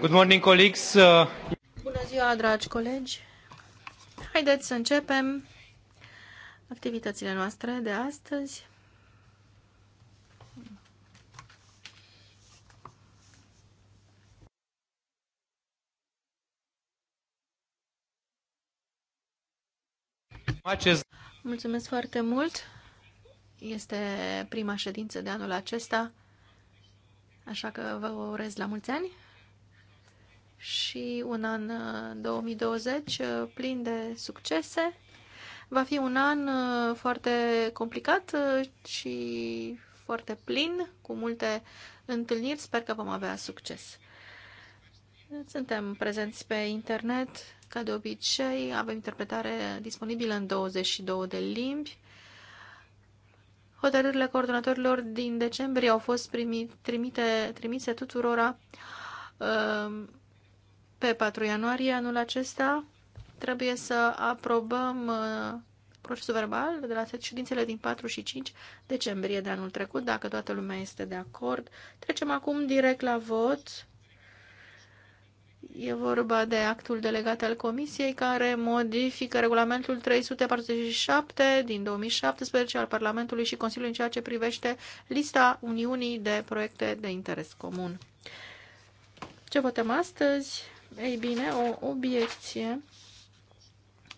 Good morning, colleagues. Uh, Bună ziua, dragi colegi. Haideți să începem activitățile noastre de astăzi. Mulțumesc foarte mult. Este prima ședință de anul acesta, așa că vă urez la mulți ani și un an 2020 uh, uh, plin de succese. Va fi un an uh, foarte complicat și foarte plin, cu multe întâlniri. Sper că vom avea succes. Suntem prezenți pe internet, ca de obicei, avem interpretare disponibilă în 22 de limbi. Hotărârile coordonatorilor din decembrie au fost primit, trimite, trimise tuturora um, pe 4 ianuarie anul acesta. Trebuie să aprobăm uh, procesul verbal de la ședințele din 4 și 5 decembrie de anul trecut, dacă toată lumea este de acord. Trecem acum direct la vot. E vorba de actul delegat al Comisiei care modifică regulamentul 347 din 2017 al Parlamentului și Consiliului în ceea ce privește lista Uniunii de proiecte de interes comun. Ce votăm astăzi? Ei bine, o obiecție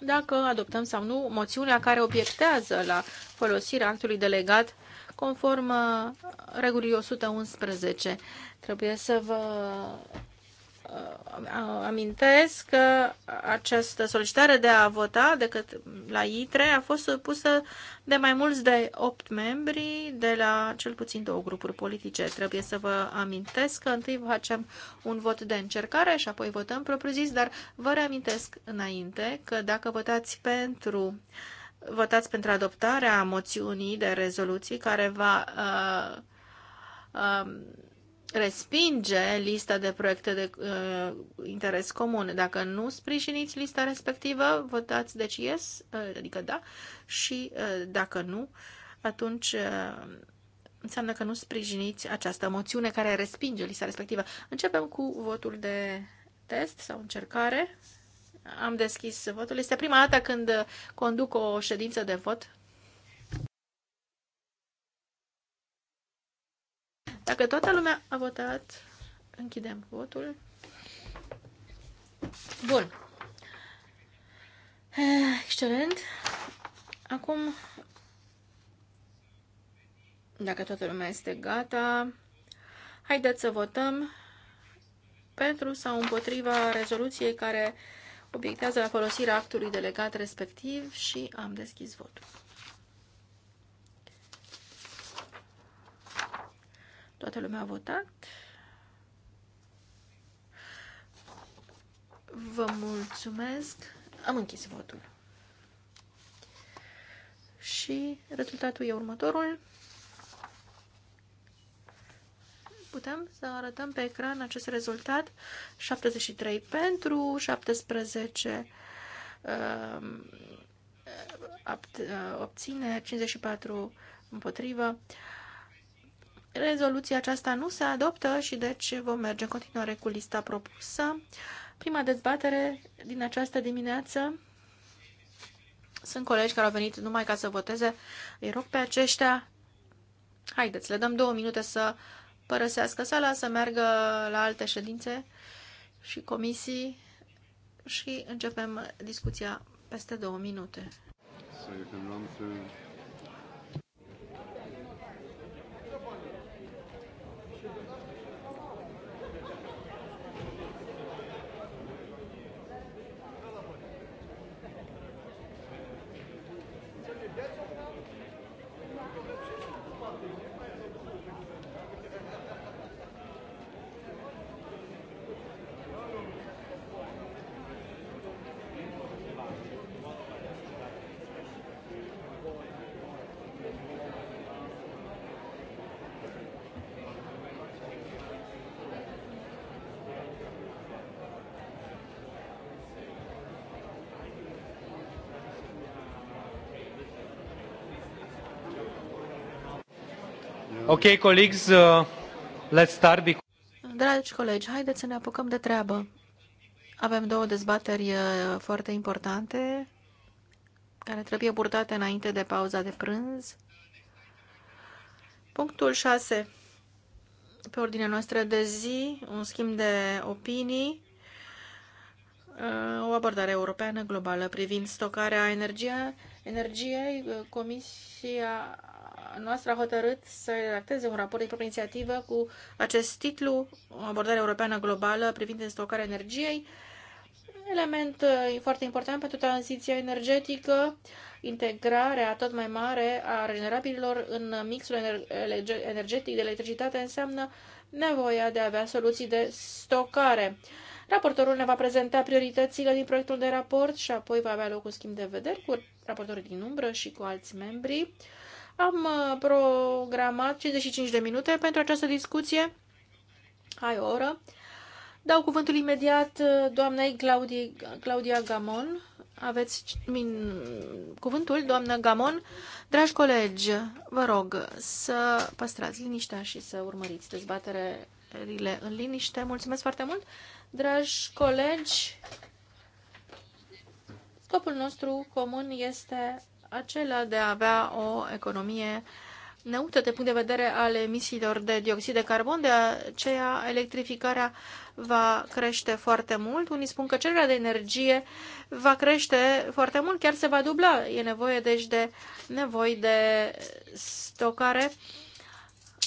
dacă adoptăm sau nu moțiunea care obiectează la folosirea actului delegat conform uh, regulii 111. Trebuie să vă amintesc că această solicitare de a vota de cât la ITRE a fost supusă de mai mulți de 8 membri de la cel puțin două grupuri politice. Trebuie să vă amintesc că întâi facem un vot de încercare și apoi votăm propriu-zis, dar vă reamintesc înainte că dacă votați pentru votați pentru adoptarea moțiunii de rezoluții care va uh, uh, respinge lista de proiecte de uh, interes comun. Dacă nu sprijiniți lista respectivă, votați deci yes, uh, adică da, și uh, dacă nu, atunci uh, înseamnă că nu sprijiniți această moțiune care respinge lista respectivă. Începem cu votul de test sau încercare. Am deschis votul. Este prima dată când conduc o ședință de vot Dacă toată lumea a votat, închidem votul. Bun. Eh, excelent. Acum, dacă toată lumea este gata, haideți să votăm pentru sau împotriva rezoluției care obiectează la folosirea actului delegat respectiv și am deschis votul. Toată lumea a votat. Vă mulțumesc. Am închis votul. Și rezultatul e următorul. Putem să arătăm pe ecran acest rezultat. 73 pentru, 17 um, uh, obține, 54 împotrivă rezoluția aceasta nu se adoptă și deci vom merge în continuare cu lista propusă. Prima dezbatere din această dimineață. Sunt colegi care au venit numai ca să voteze. Îi rog pe aceștia. Haideți, le dăm două minute să părăsească sala, să meargă la alte ședințe și comisii și începem discuția peste două minute. So you can run through... Ok, colleagues, uh, let's start. Because... Dragi colegi, haideți să ne apucăm de treabă. Avem două dezbateri uh, foarte importante care trebuie purtate înainte de pauza de prânz. Punctul 6 pe ordinea noastră de zi, un schimb de opinii, uh, o abordare europeană globală privind stocarea energiei. Uh, Comisia noastră a hotărât să redacteze un raport de proprie inițiativă cu acest titlu, o abordare europeană globală privind stocarea energiei, element uh, foarte important pentru tranziția energetică, integrarea tot mai mare a regenerabililor în mixul energetic de electricitate înseamnă nevoia de a avea soluții de stocare. Raportorul ne va prezenta prioritățile din proiectul de raport și apoi va avea loc un schimb de vederi cu raportorii din umbră și cu alți membri. Am uh, programat 55 de minute pentru această discuție. Hai o oră. Dau cuvântul imediat uh, doamnei Claudie, Claudia Gamon. Aveți min, cuvântul, doamna Gamon. Dragi colegi, vă rog să păstrați liniștea și să urmăriți dezbaterele în liniște. Mulțumesc foarte mult. Dragi colegi, scopul nostru comun este acela de a avea o economie neutră de punct de vedere al emisiilor de dioxid de carbon, de aceea electrificarea va crește foarte mult. Unii spun că cererea de energie va crește foarte mult, chiar se va dubla. E nevoie deci de nevoi de stocare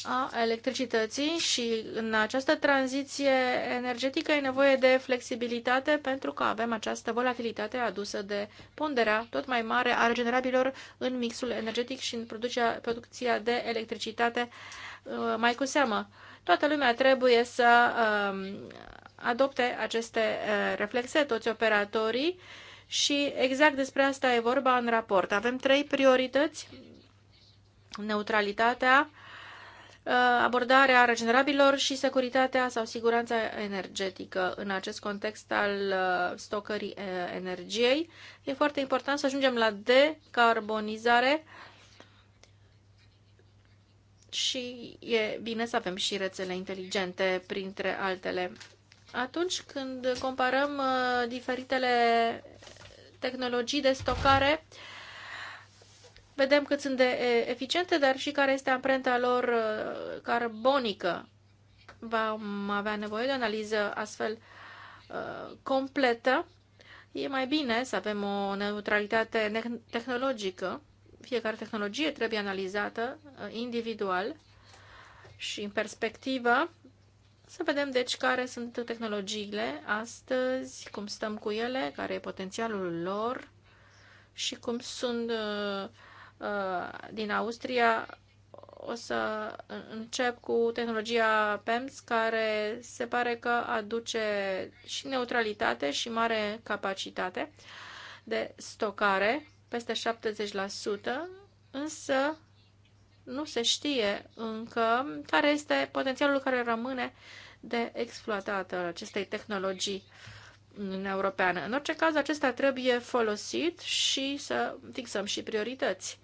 a electricității și în această tranziție energetică e nevoie de flexibilitate pentru că avem această volatilitate adusă de ponderea tot mai mare a regenerabilor în mixul energetic și în producția producția de electricitate uh, mai cu seamă. Toată lumea trebuie să um, adopte aceste uh, reflexe, toți operatorii, și exact despre asta e vorba în raport. Avem trei priorități. Neutralitatea, Uh, abordarea regenerabilor și securitatea sau siguranța energetică în acest context al uh, stocării uh, energiei. E foarte important să ajungem la decarbonizare și e bine să avem și rețele inteligente, printre altele. Atunci când comparăm diferitele tehnologii de stocare, uh, vedem cât sunt de eficiente, dar și care este amprenta lor carbonică. Vom avea nevoie de o analiză astfel completă. E mai bine să avem o neutralitate tehnologică. Fiecare tehnologie trebuie analizată individual și în perspectivă. Să vedem, deci, care sunt tehnologiile astăzi, cum stăm cu ele, care e potențialul lor și cum sunt uh, Uh, din Austria. O să încep cu tehnologia PEMS, care se pare că aduce și neutralitate și mare capacitate de stocare, peste 70%, însă nu se știe încă care este potențialul care rămâne de exploatată acestei tehnologii în europeană. În orice caz, acesta trebuie folosit și să fixăm și priorități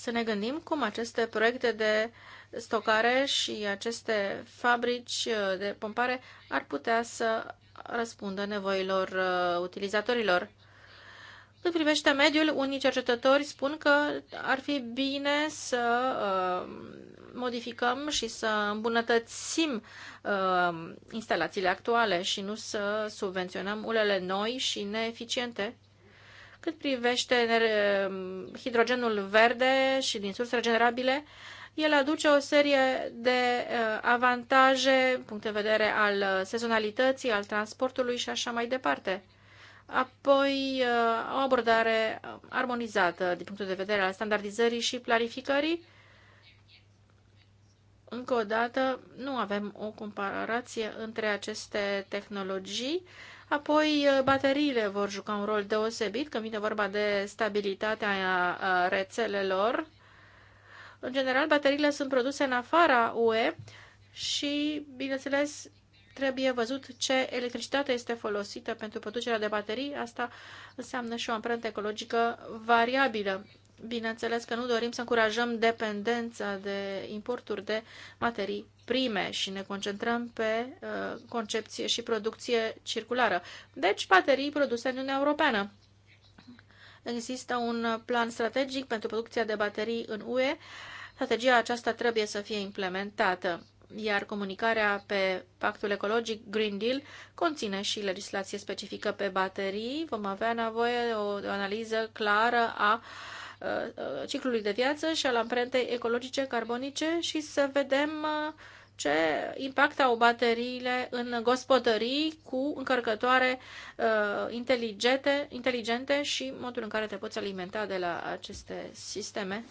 să ne gândim cum aceste proiecte de stocare și aceste fabrici uh, de pompare ar putea să răspundă nevoilor uh, utilizatorilor. Cât privește mediul, unii cercetători spun că ar fi bine să uh, modificăm și să îmbunătățim instalațiile actuale și nu să subvenționăm ulele noi și neeficiente cât privește hidrogenul verde și din surse regenerabile, el aduce o serie de uh, avantaje, punct de vedere al uh, sezonalității, al transportului și așa mai departe. Apoi, uh, o abordare armonizată din punctul de vedere al standardizării și clarificării. Încă o dată, nu avem o comparație între aceste tehnologii Apoi, uh, bateriile vor juca un rol deosebit când vine vorba de stabilitatea uh, rețelelor. În general, bateriile sunt produse în afara UE și, bineînțeles, trebuie văzut ce electricitate este folosită pentru producerea de baterii. Asta înseamnă și o amprentă ecologică variabilă. Bineînțeles că nu dorim să încurajăm dependența de importuri de materii prime și ne concentrăm pe uh, concepție și producție circulară. Deci, baterii produse în Uniunea Europeană. Există un plan strategic pentru producția de baterii în UE. Strategia aceasta trebuie să fie implementată, iar comunicarea pe pactul ecologic Green Deal conține și legislație specifică pe baterii. Vom avea nevoie de o, de o analiză clară a uh, Uh, ciclului de viață și al amprentei ecologice carbonice și să vedem uh, ce impact au bateriile în gospodării cu încărcătoare uh, inteligente, inteligente și modul în care te poți alimenta de la aceste sisteme.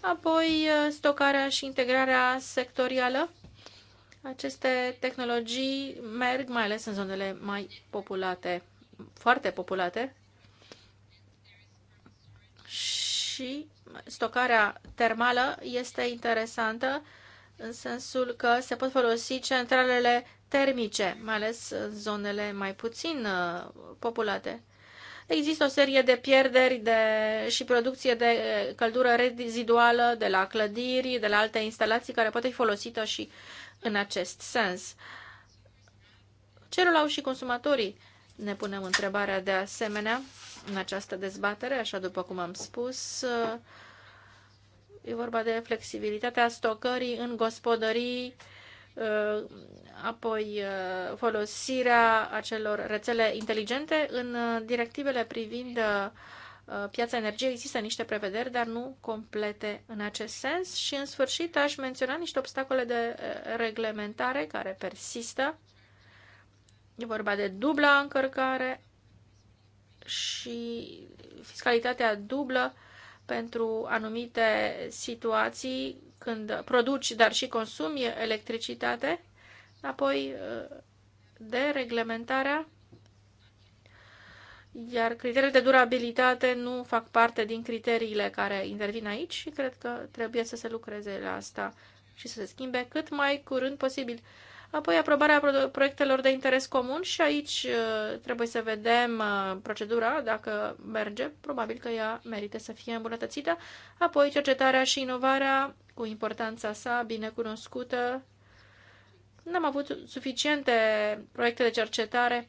Apoi, stocarea și integrarea sectorială. Aceste tehnologii merg mai ales în zonele mai populate, foarte populate, și stocarea termală este interesantă în sensul că se pot folosi centralele termice, mai ales în zonele mai puțin uh, populate. Există o serie de pierderi de, și producție de uh, căldură reziduală de la clădiri, de la alte instalații care poate fi folosită și în acest sens. Cerul au și consumatorii, ne punem întrebarea de asemenea în această dezbatere, așa după cum am spus. E vorba de flexibilitatea stocării în gospodării, ă, apoi ă, folosirea acelor rețele inteligente. În directivele privind ă, piața energiei există niște prevederi, dar nu complete în acest sens. Și în sfârșit aș menționa niște obstacole de reglementare care persistă. E vorba de dubla încărcare și fiscalitatea dublă pentru anumite situații când produci, dar și consumi electricitate, apoi dereglementarea, iar criteriile de durabilitate nu fac parte din criteriile care intervin aici și cred că trebuie să se lucreze la asta și să se schimbe cât mai curând posibil. Apoi aprobarea proiectelor de interes comun și aici uh, trebuie să vedem uh, procedura, dacă merge, probabil că ea merită să fie îmbunătățită. Apoi cercetarea și inovarea, cu importanța sa bine cunoscută. N-am avut suficiente proiecte de cercetare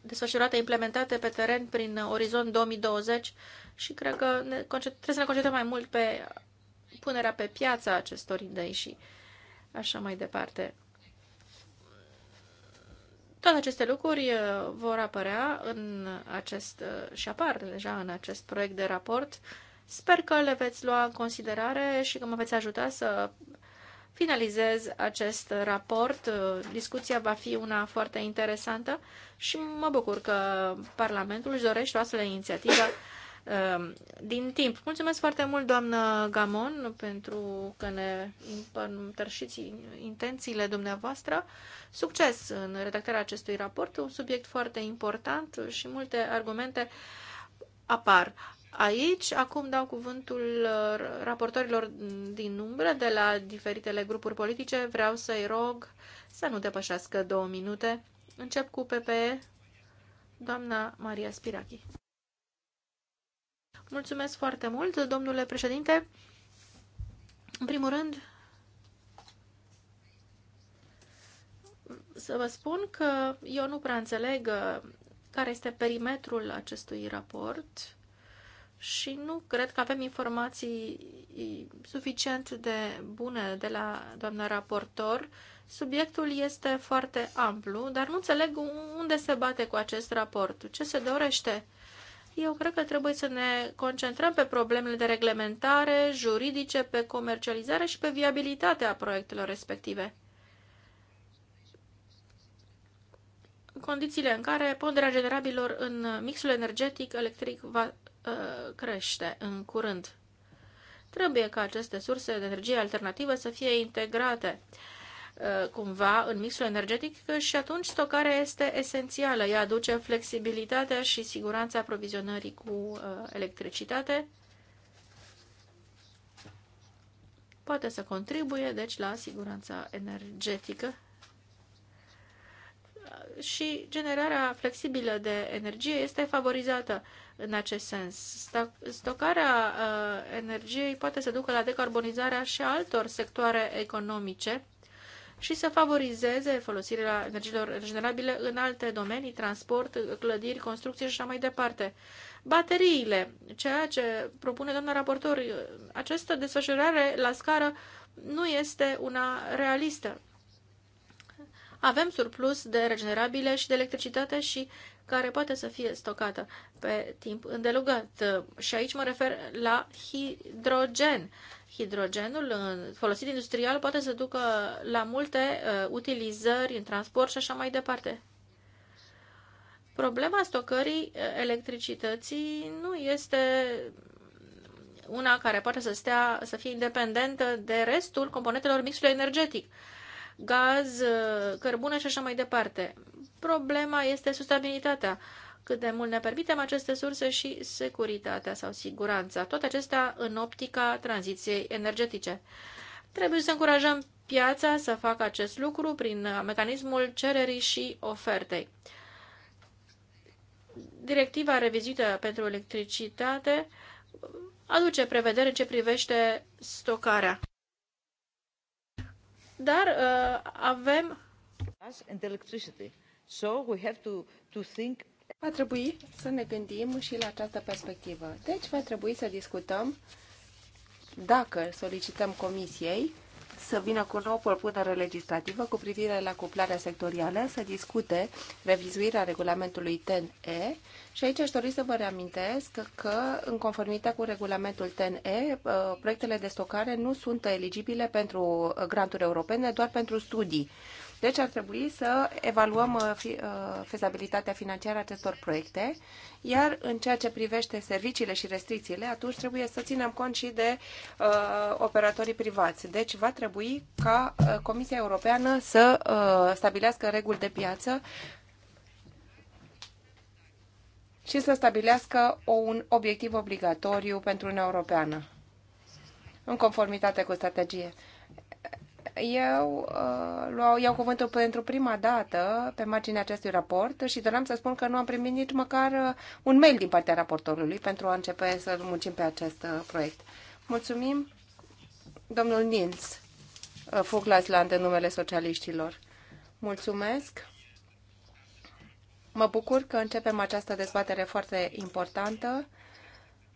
desfășurate, implementate pe teren prin Orizont 2020 și cred că ne, trebuie să ne concentrăm mai mult pe punerea pe piață a acestor idei și așa mai departe. Toate aceste lucruri uh, vor apărea în acest, uh, și apar deja în acest proiect de raport. Sper că le veți lua în considerare și că mă veți ajuta să finalizez acest raport. Uh, discuția va fi una foarte interesantă și mă bucur că Parlamentul își dorește o astfel de inițiativă Um, din timp. Mulțumesc foarte mult, doamnă Gamon, pentru că ne împărtășiți intențiile dumneavoastră. Succes în redactarea acestui raport, un subiect foarte important și multe argumente apar. Aici, acum dau cuvântul uh, raportorilor din umbră de la diferitele grupuri politice. Vreau să-i rog să nu depășească două minute. Încep cu PPE, doamna Maria Spirachi. Mulțumesc foarte mult, domnule președinte. În primul rând, să vă spun că eu nu prea înțeleg uh, care este perimetrul acestui raport și nu cred că avem informații suficient de bune de la doamna raportor. Subiectul este foarte amplu, dar nu înțeleg unde se bate cu acest raport, ce se dorește eu cred că trebuie să ne concentrăm pe problemele de reglementare, juridice, pe comercializare și pe viabilitatea proiectelor respective. Condițiile în care ponderea generabilor în mixul energetic electric va uh, crește în curând. Trebuie ca aceste surse de energie alternativă să fie integrate Uh, cumva în mixul energetic și atunci stocarea este esențială. Ea aduce flexibilitatea și siguranța aprovizionării cu uh, electricitate. Poate să contribuie, deci, la siguranța energetică și generarea flexibilă de energie este favorizată în acest sens. Stocarea uh, energiei poate să ducă la decarbonizarea și altor sectoare economice și să favorizeze folosirea energiilor regenerabile în alte domenii, transport, clădiri, construcții și așa mai departe. Bateriile, ceea ce propune doamna raportor, această desfășurare la scară nu este una realistă. Avem surplus de regenerabile și de electricitate și care poate să fie stocată pe timp îndelugat. Și aici mă refer la hidrogen. Hidrogenul folosit industrial poate să ducă la multe uh, utilizări în transport și așa mai departe. Problema stocării uh, electricității nu este una care poate să, stea, să fie independentă de restul componentelor mixului energetic, gaz, uh, cărbune și așa mai departe problema este sustenabilitatea, cât de mult ne permitem aceste surse și securitatea sau siguranța, toate acestea în optica tranziției energetice. Trebuie să încurajăm piața să facă acest lucru prin mecanismul cererii și ofertei. Directiva revizuită pentru electricitate aduce prevedere ce privește stocarea. Dar uh, avem So we have to, to think Va trebui să ne gândim și la această perspectivă. Deci va trebui să discutăm dacă solicităm comisiei să vină cu o nouă propunere legislativă cu privire la cuplarea sectorială, să discute revizuirea regulamentului TNE și aici aș dori să vă reamintesc că, în conformitate cu regulamentul TNE, uh, proiectele de stocare nu sunt eligibile pentru granturi europene, doar pentru studii deci ar trebui să evaluăm uh, uh, fezabilitatea financiară a acestor proiecte, iar în ceea ce privește serviciile și restricțiile, atunci trebuie să ținem cont și de uh, operatorii privați. Deci va trebui ca uh, Comisia Europeană să uh, stabilească reguli de piață și să stabilească un obiectiv obligatoriu pentru Uniunea Europeană, în conformitate cu strategie eu uh, iau cuvântul pentru prima dată pe marginea acestui raport și doream să spun că nu am primit nici măcar uh, un mail din partea raportorului pentru a începe să muncim pe acest uh, proiect. Mulțumim, domnul Nins, uh, fug la Island în numele socialiștilor. Mulțumesc. Mă bucur că începem această dezbatere foarte importantă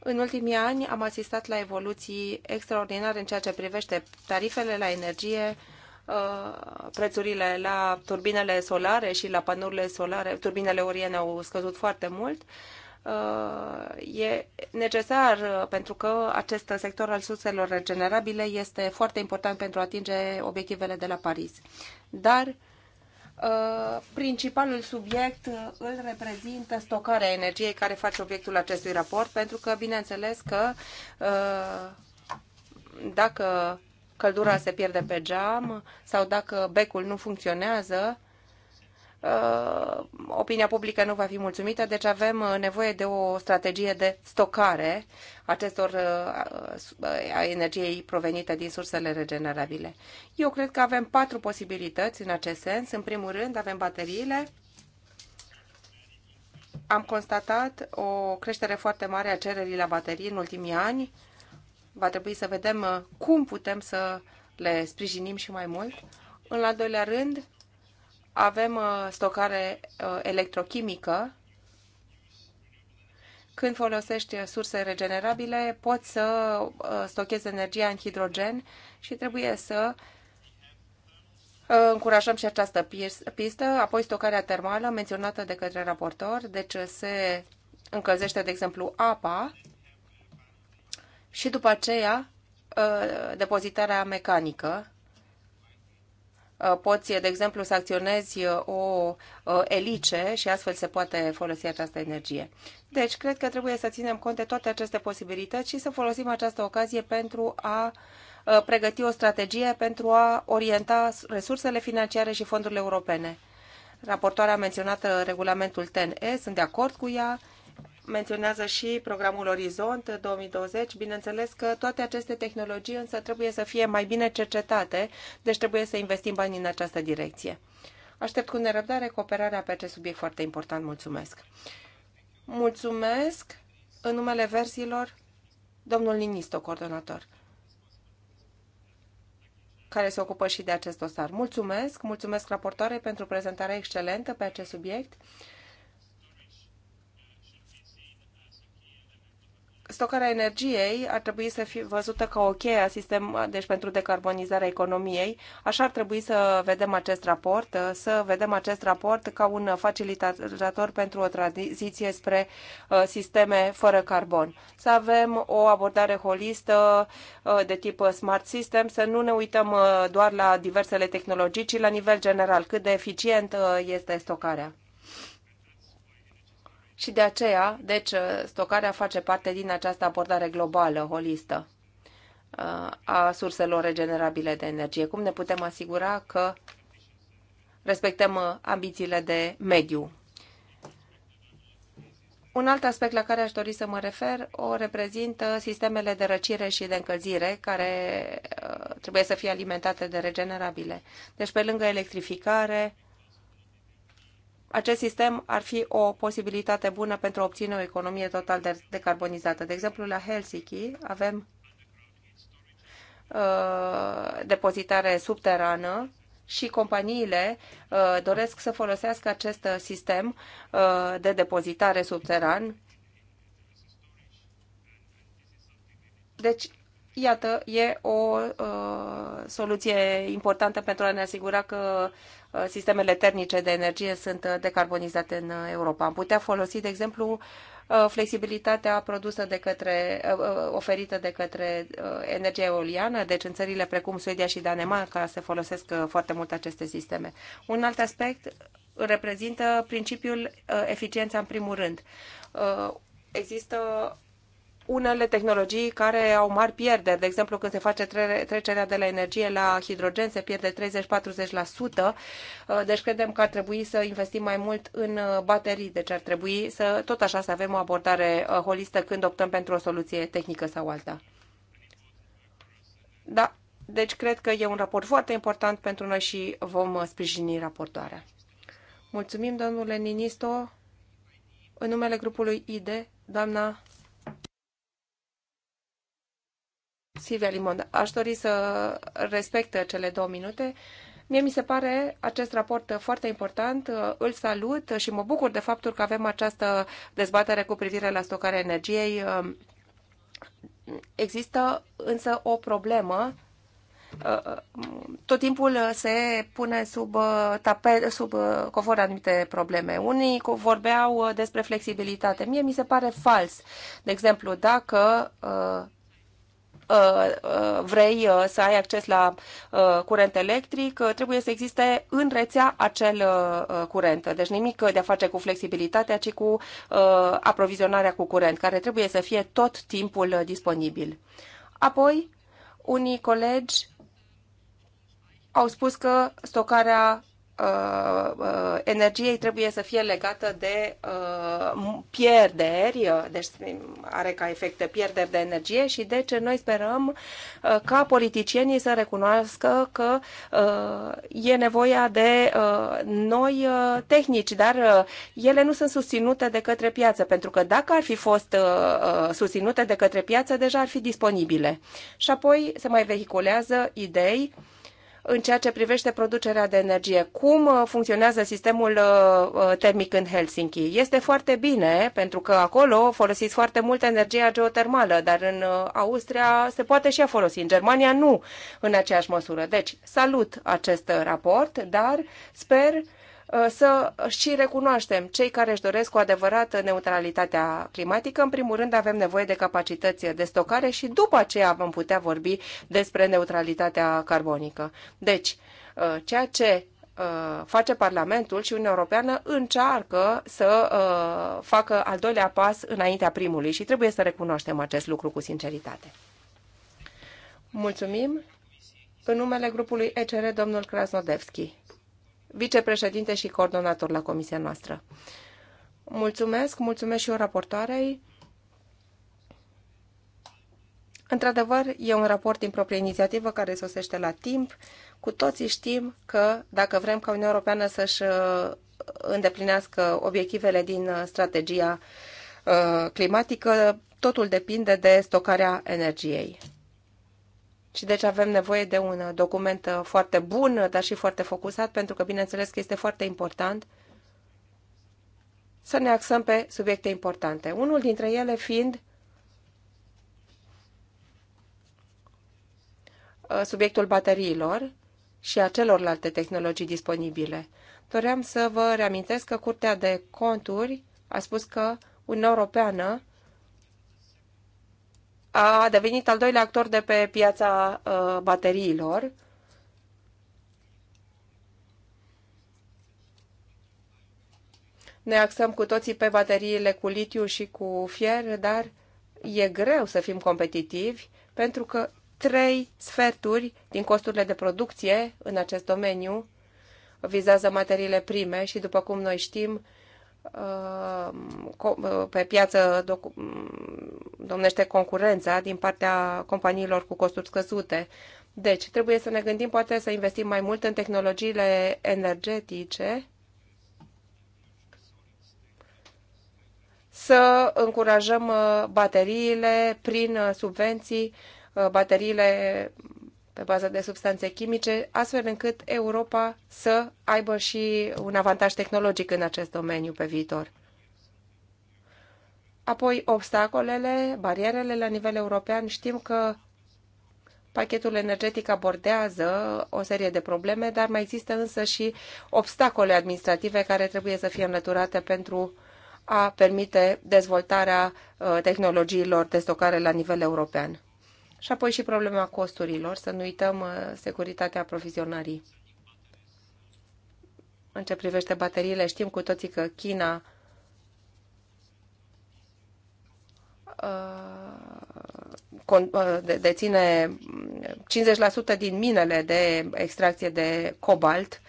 în ultimii ani am asistat la evoluții extraordinare în ceea ce privește tarifele la energie, uh, prețurile la turbinele solare și la panourile solare, turbinele oriene au scăzut foarte mult. Uh, e necesar pentru că acest sector al surselor regenerabile este foarte important pentru a atinge obiectivele de la Paris. Dar Uh, principalul subiect uh, îl reprezintă stocarea energiei care face obiectul acestui raport, pentru că, bineînțeles, că uh, dacă căldura se pierde pe geam sau dacă becul nu funcționează, Uh, opinia publică nu va fi mulțumită, deci avem uh, nevoie de o strategie de stocare acestor uh, a energiei provenite din sursele regenerabile. Eu cred că avem patru posibilități în acest sens. În primul rând, avem bateriile. Am constatat o creștere foarte mare a cererii la baterii în ultimii ani. Va trebui să vedem cum putem să le sprijinim și mai mult. În al doilea rând, avem uh, stocare uh, electrochimică. Când folosești uh, surse regenerabile, poți să stochezi energia în hidrogen și trebuie să încurajăm și această pistă, apoi stocarea termală menționată de către raportor, deci se încălzește, de exemplu, apa și după aceea depozitarea mecanică Uh, poți, de exemplu, să acționezi uh, o uh, elice și astfel se poate folosi această energie. Deci, cred că trebuie să ținem cont de toate aceste posibilități și să folosim această ocazie pentru a pregăti o strategie pentru a orienta resursele financiare și fondurile europene. Raportoarea a menționat regulamentul TNE, sunt de acord cu ea menționează și programul Orizont 2020. Bineînțeles că toate aceste tehnologii însă trebuie să fie mai bine cercetate, deci trebuie să investim bani în această direcție. Aștept cu nerăbdare cooperarea pe acest subiect foarte important. Mulțumesc! Mulțumesc în numele versiilor domnul Ninisto, coordonator, care se ocupă și de acest dosar. Mulțumesc, mulțumesc raportoare pentru prezentarea excelentă pe acest subiect. stocarea energiei ar trebui să fie văzută ca o cheie a sistem, deci pentru decarbonizarea economiei. Așa ar trebui să vedem acest raport, să vedem acest raport ca un facilitator pentru o tranziție spre uh, sisteme fără carbon. Să avem o abordare holistă uh, de tip uh, smart system, să nu ne uităm doar la diversele tehnologii, ci la nivel general cât de eficient este stocarea. Și de aceea, deci, ă, stocarea face parte din această abordare globală, holistă, ă, a surselor regenerabile de energie. Cum ne putem asigura că respectăm ă, ambițiile de mediu? Un alt aspect la care aș dori să mă refer o reprezintă sistemele de răcire și de încălzire care trebuie să fie alimentate de regenerabile. Deci, pe lângă electrificare, acest sistem ar fi o posibilitate bună pentru a obține o economie total decarbonizată. De exemplu, la Helsinki avem uh, depozitare subterană și companiile uh, doresc să folosească acest sistem uh, de depozitare subteran. Deci, iată, e o uh, soluție importantă pentru a ne asigura că uh, sistemele termice de energie sunt uh, decarbonizate în uh, Europa. Am putea folosi, de exemplu, flexibilitatea produsă de către, oferită de către energia eoliană, deci în țările precum Suedia și Danemarca se folosesc foarte mult aceste sisteme. Un alt aspect reprezintă principiul eficiența în primul rând. Există unele tehnologii care au mari pierderi. De exemplu, când se face tre trecerea de la energie la hidrogen, se pierde 30-40%. Uh, deci credem că ar trebui să investim mai mult în uh, baterii. Deci ar trebui să, tot așa, să avem o abordare uh, holistă când optăm pentru o soluție tehnică sau alta. Da, deci cred că e un raport foarte important pentru noi și vom sprijini raportoarea. Mulțumim, domnule Ninisto. În numele grupului ID, doamna Silvia Limon, aș dori să respectă cele două minute. Mie mi se pare acest raport foarte important, îl salut și mă bucur de faptul că avem această dezbatere cu privire la stocarea energiei. Există însă o problemă tot timpul se pune sub, tapet, sub covor anumite probleme. Unii vorbeau despre flexibilitate. Mie mi se pare fals. De exemplu, dacă Uh, uh, vrei uh, să ai acces la curent electric, trebuie să existe în rețea acel curent. Deci nimic de a face cu flexibilitatea, ci cu aprovizionarea cu curent, care trebuie să fie tot timpul disponibil. Apoi, unii colegi au spus că stocarea Uh, uh, energiei trebuie să fie legată de uh, pierderi, deci are ca efecte pierderi de energie și de deci ce noi sperăm ca politicienii să recunoască că e nevoia de noi tehnici, dar ele nu sunt susținute de către piață, pentru că dacă ar fi fost susținute de către piață, deja ar fi disponibile. Și apoi se mai vehiculează idei uh, în ceea ce privește producerea de energie. Cum uh, funcționează sistemul uh, uh, termic în Helsinki? Este foarte bine, pentru că acolo folosiți foarte multă energia geotermală, dar în Austria se poate și a folosi, în Germania nu, în aceeași măsură. Deci, salut acest raport, dar sper Uh, să și recunoaștem cei care își doresc cu adevărat neutralitatea climatică. În primul rând avem nevoie de capacități de stocare și după aceea vom putea vorbi despre neutralitatea carbonică. Deci, uh, ceea ce uh, face Parlamentul și Uniunea Europeană încearcă să facă al doilea pas înaintea primului și trebuie să recunoaștem acest lucru cu sinceritate. Mulțumim. În numele grupului ECR, domnul Krasnodevski vicepreședinte și coordonator la comisia noastră. Mulțumesc, mulțumesc și eu raportoarei. Într-adevăr, e un raport din proprie inițiativă care sosește la timp. Cu toții știm că dacă vrem ca Uniunea Europeană să-și uh, îndeplinească obiectivele din uh, strategia uh, climatică, totul depinde de stocarea energiei și deci avem nevoie de un document uh, foarte bun, uh, dar și foarte focusat, pentru că bineînțeles că este foarte important să ne axăm pe subiecte importante. Unul dintre ele fiind uh, subiectul bateriilor și a celorlalte tehnologii disponibile. Doream să vă reamintesc că Curtea de Conturi a spus că Uniunea Europeană a devenit al doilea actor de pe piața uh, bateriilor. Ne axăm cu toții pe bateriile cu litiu și cu fier, dar e greu să fim competitivi pentru că trei sferturi din costurile de producție în acest domeniu vizează materiile prime și, după cum noi știm, Uh, uh, pe piață mm, domnește concurența din partea companiilor cu costuri scăzute. Deci, trebuie să ne gândim poate să investim mai mult în tehnologiile energetice, să încurajăm uh, bateriile prin subvenții, bateriile pe bază de substanțe chimice, astfel încât Europa să aibă și un avantaj tehnologic în acest domeniu pe viitor. Apoi, obstacolele, barierele la nivel european. Știm că pachetul energetic abordează o serie de probleme, dar mai există însă și obstacole administrative care trebuie să fie înlăturate pentru a permite dezvoltarea uh, tehnologiilor de stocare la nivel european. Și apoi și problema costurilor, să nu uităm uh, securitatea aprovizionării. În ce privește bateriile, știm cu toții că China uh, uh, deține 50% din minele de extracție de cobalt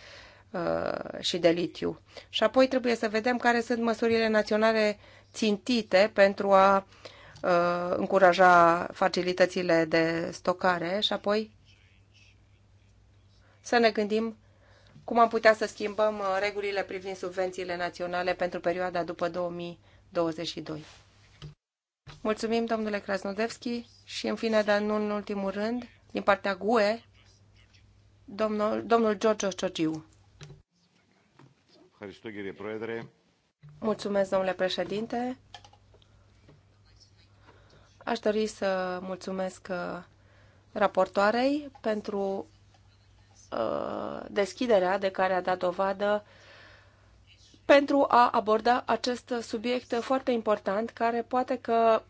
și de litiu. Și apoi trebuie să vedem care sunt măsurile naționale țintite pentru a uh, Uh, încuraja facilitățile de stocare și apoi să ne gândim cum am putea să schimbăm uh, regulile privind subvențiile naționale pentru perioada după 2022. Mulțumim, domnule Krasnodevski, și în fine, dar nu în ultimul rând, din partea GUE, domnul, domnul George Ciociu. Mulțumesc, domnule președinte. Aș dori să mulțumesc uh, raportoarei pentru uh, deschiderea de care a dat dovadă pentru a aborda acest subiect foarte important, care poate că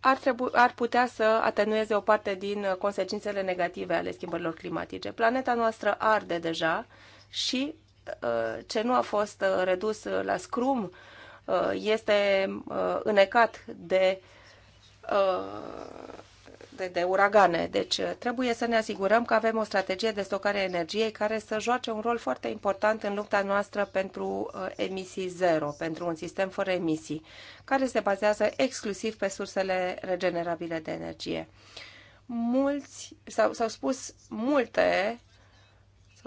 ar, trebui, ar putea să atenueze o parte din consecințele negative ale schimbărilor climatice. Planeta noastră arde deja și uh, ce nu a fost redus la scrum Uh, este uh, înecat de, uh, de, de uragane. Deci trebuie să ne asigurăm că avem o strategie de stocare a energiei care să joace un rol foarte important în lupta noastră pentru emisii zero, pentru un sistem fără emisii, care se bazează exclusiv pe sursele regenerabile de energie mulți s-au, spus multe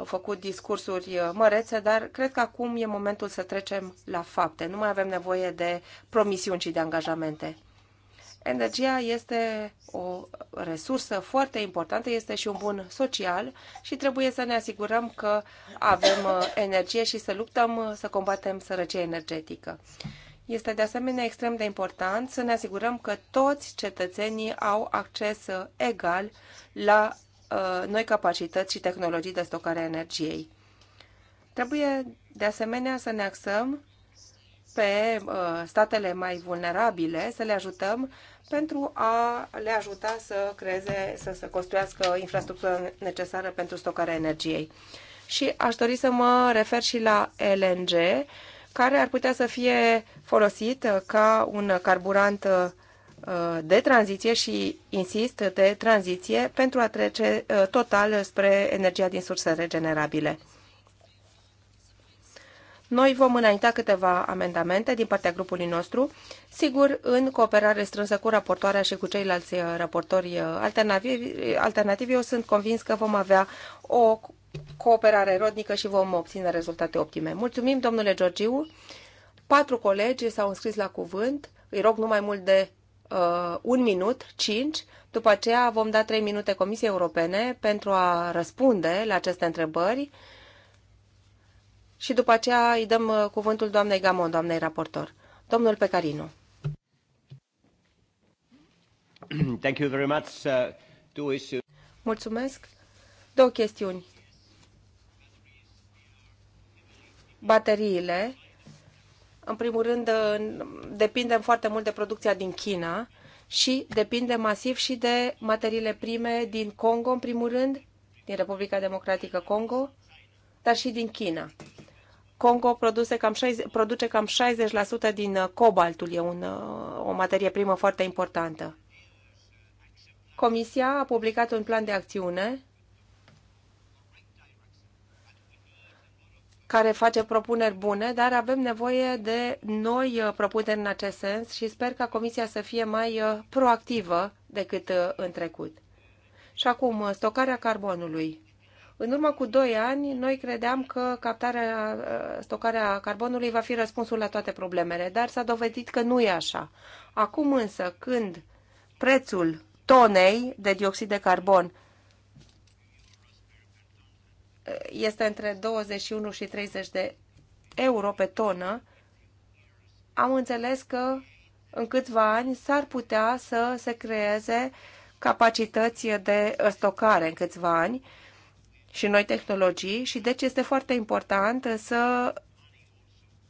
făcut discursuri uh, mărețe, dar cred că acum e momentul să trecem la fapte. Nu mai avem nevoie de promisiuni, ci de angajamente. Energia este o resursă foarte importantă, este și un bun social și trebuie să ne asigurăm că avem uh, energie și să luptăm uh, să combatem sărăcia energetică. Este de asemenea extrem de important să ne asigurăm că toți cetățenii au acces egal la Uh, noi capacități și tehnologii de stocare a energiei. Trebuie de asemenea să ne axăm pe uh, statele mai vulnerabile, să le ajutăm pentru a le ajuta să creeze, să, să construiască infrastructura necesară pentru stocarea energiei. Și aș dori să mă refer și la LNG, care ar putea să fie folosit uh, ca un carburant Uh, de tranziție și, insist, de tranziție pentru a trece uh, total spre energia din surse regenerabile. Noi vom înainta câteva amendamente din partea grupului nostru, sigur, în cooperare strânsă cu raportoarea și cu ceilalți uh, raportori alternativi. alternativi eu sunt convins că vom avea o cooperare rodnică și vom obține rezultate optime. Mulțumim, domnule Georgiu. Patru colegi s-au înscris la cuvânt. Îi rog numai mult de uh, un minut, cinci, după aceea vom da trei minute Comisiei Europene pentru a răspunde la aceste întrebări și după aceea îi dăm uh, cuvântul doamnei Gamon, doamnei raportor. Domnul Pecarino. Thank you very much. Uh, Mulțumesc. Două chestiuni. Bateriile în primul rând, depindem foarte mult de producția din China și depindem masiv și de materiile prime din Congo, în primul rând, din Republica Democratică Congo, dar și din China. Congo produce cam 60%, produce cam 60% din uh, cobaltul, e un, uh, o materie primă foarte importantă. Comisia a publicat un plan de acțiune care face propuneri bune, dar avem nevoie de noi uh, propuneri în acest sens și sper ca Comisia să fie mai uh, proactivă decât uh, în trecut. Și acum, stocarea carbonului. În urmă cu doi ani, noi credeam că captarea, stocarea carbonului va fi răspunsul la toate problemele, dar s-a dovedit că nu e așa. Acum însă, când prețul tonei de dioxid de carbon este între 21 și 30 de euro pe tonă, am înțeles că în câțiva ani s-ar putea să se creeze capacități de stocare în câțiva ani și noi tehnologii și deci este foarte important să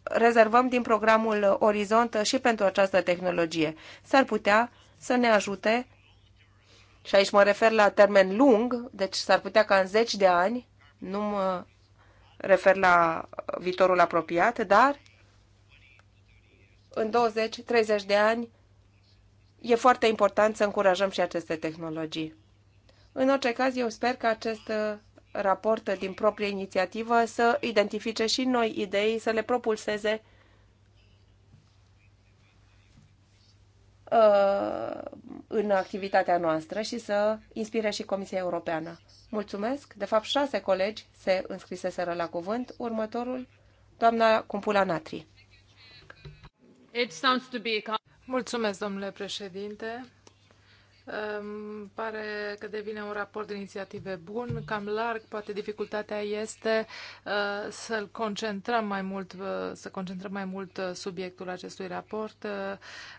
rezervăm din programul Orizont și pentru această tehnologie. S-ar putea să ne ajute, și aici mă refer la termen lung, deci s-ar putea ca în zeci de ani nu mă refer la viitorul apropiat, dar în 20-30 de ani e foarte important să încurajăm și aceste tehnologii. În orice caz, eu sper că acest raport din proprie inițiativă să identifice și noi idei, să le propulseze uh, în activitatea noastră și să inspire și Comisia Europeană. Mulțumesc! De fapt, șase colegi se înscriseseră la cuvânt. Următorul, doamna Cumpula Natri. Mulțumesc, domnule președinte. Îmi pare că devine un raport de inițiative bun, cam larg, poate dificultatea este uh, să-l concentrăm mai mult, uh, să concentrăm mai mult uh, subiectul acestui raport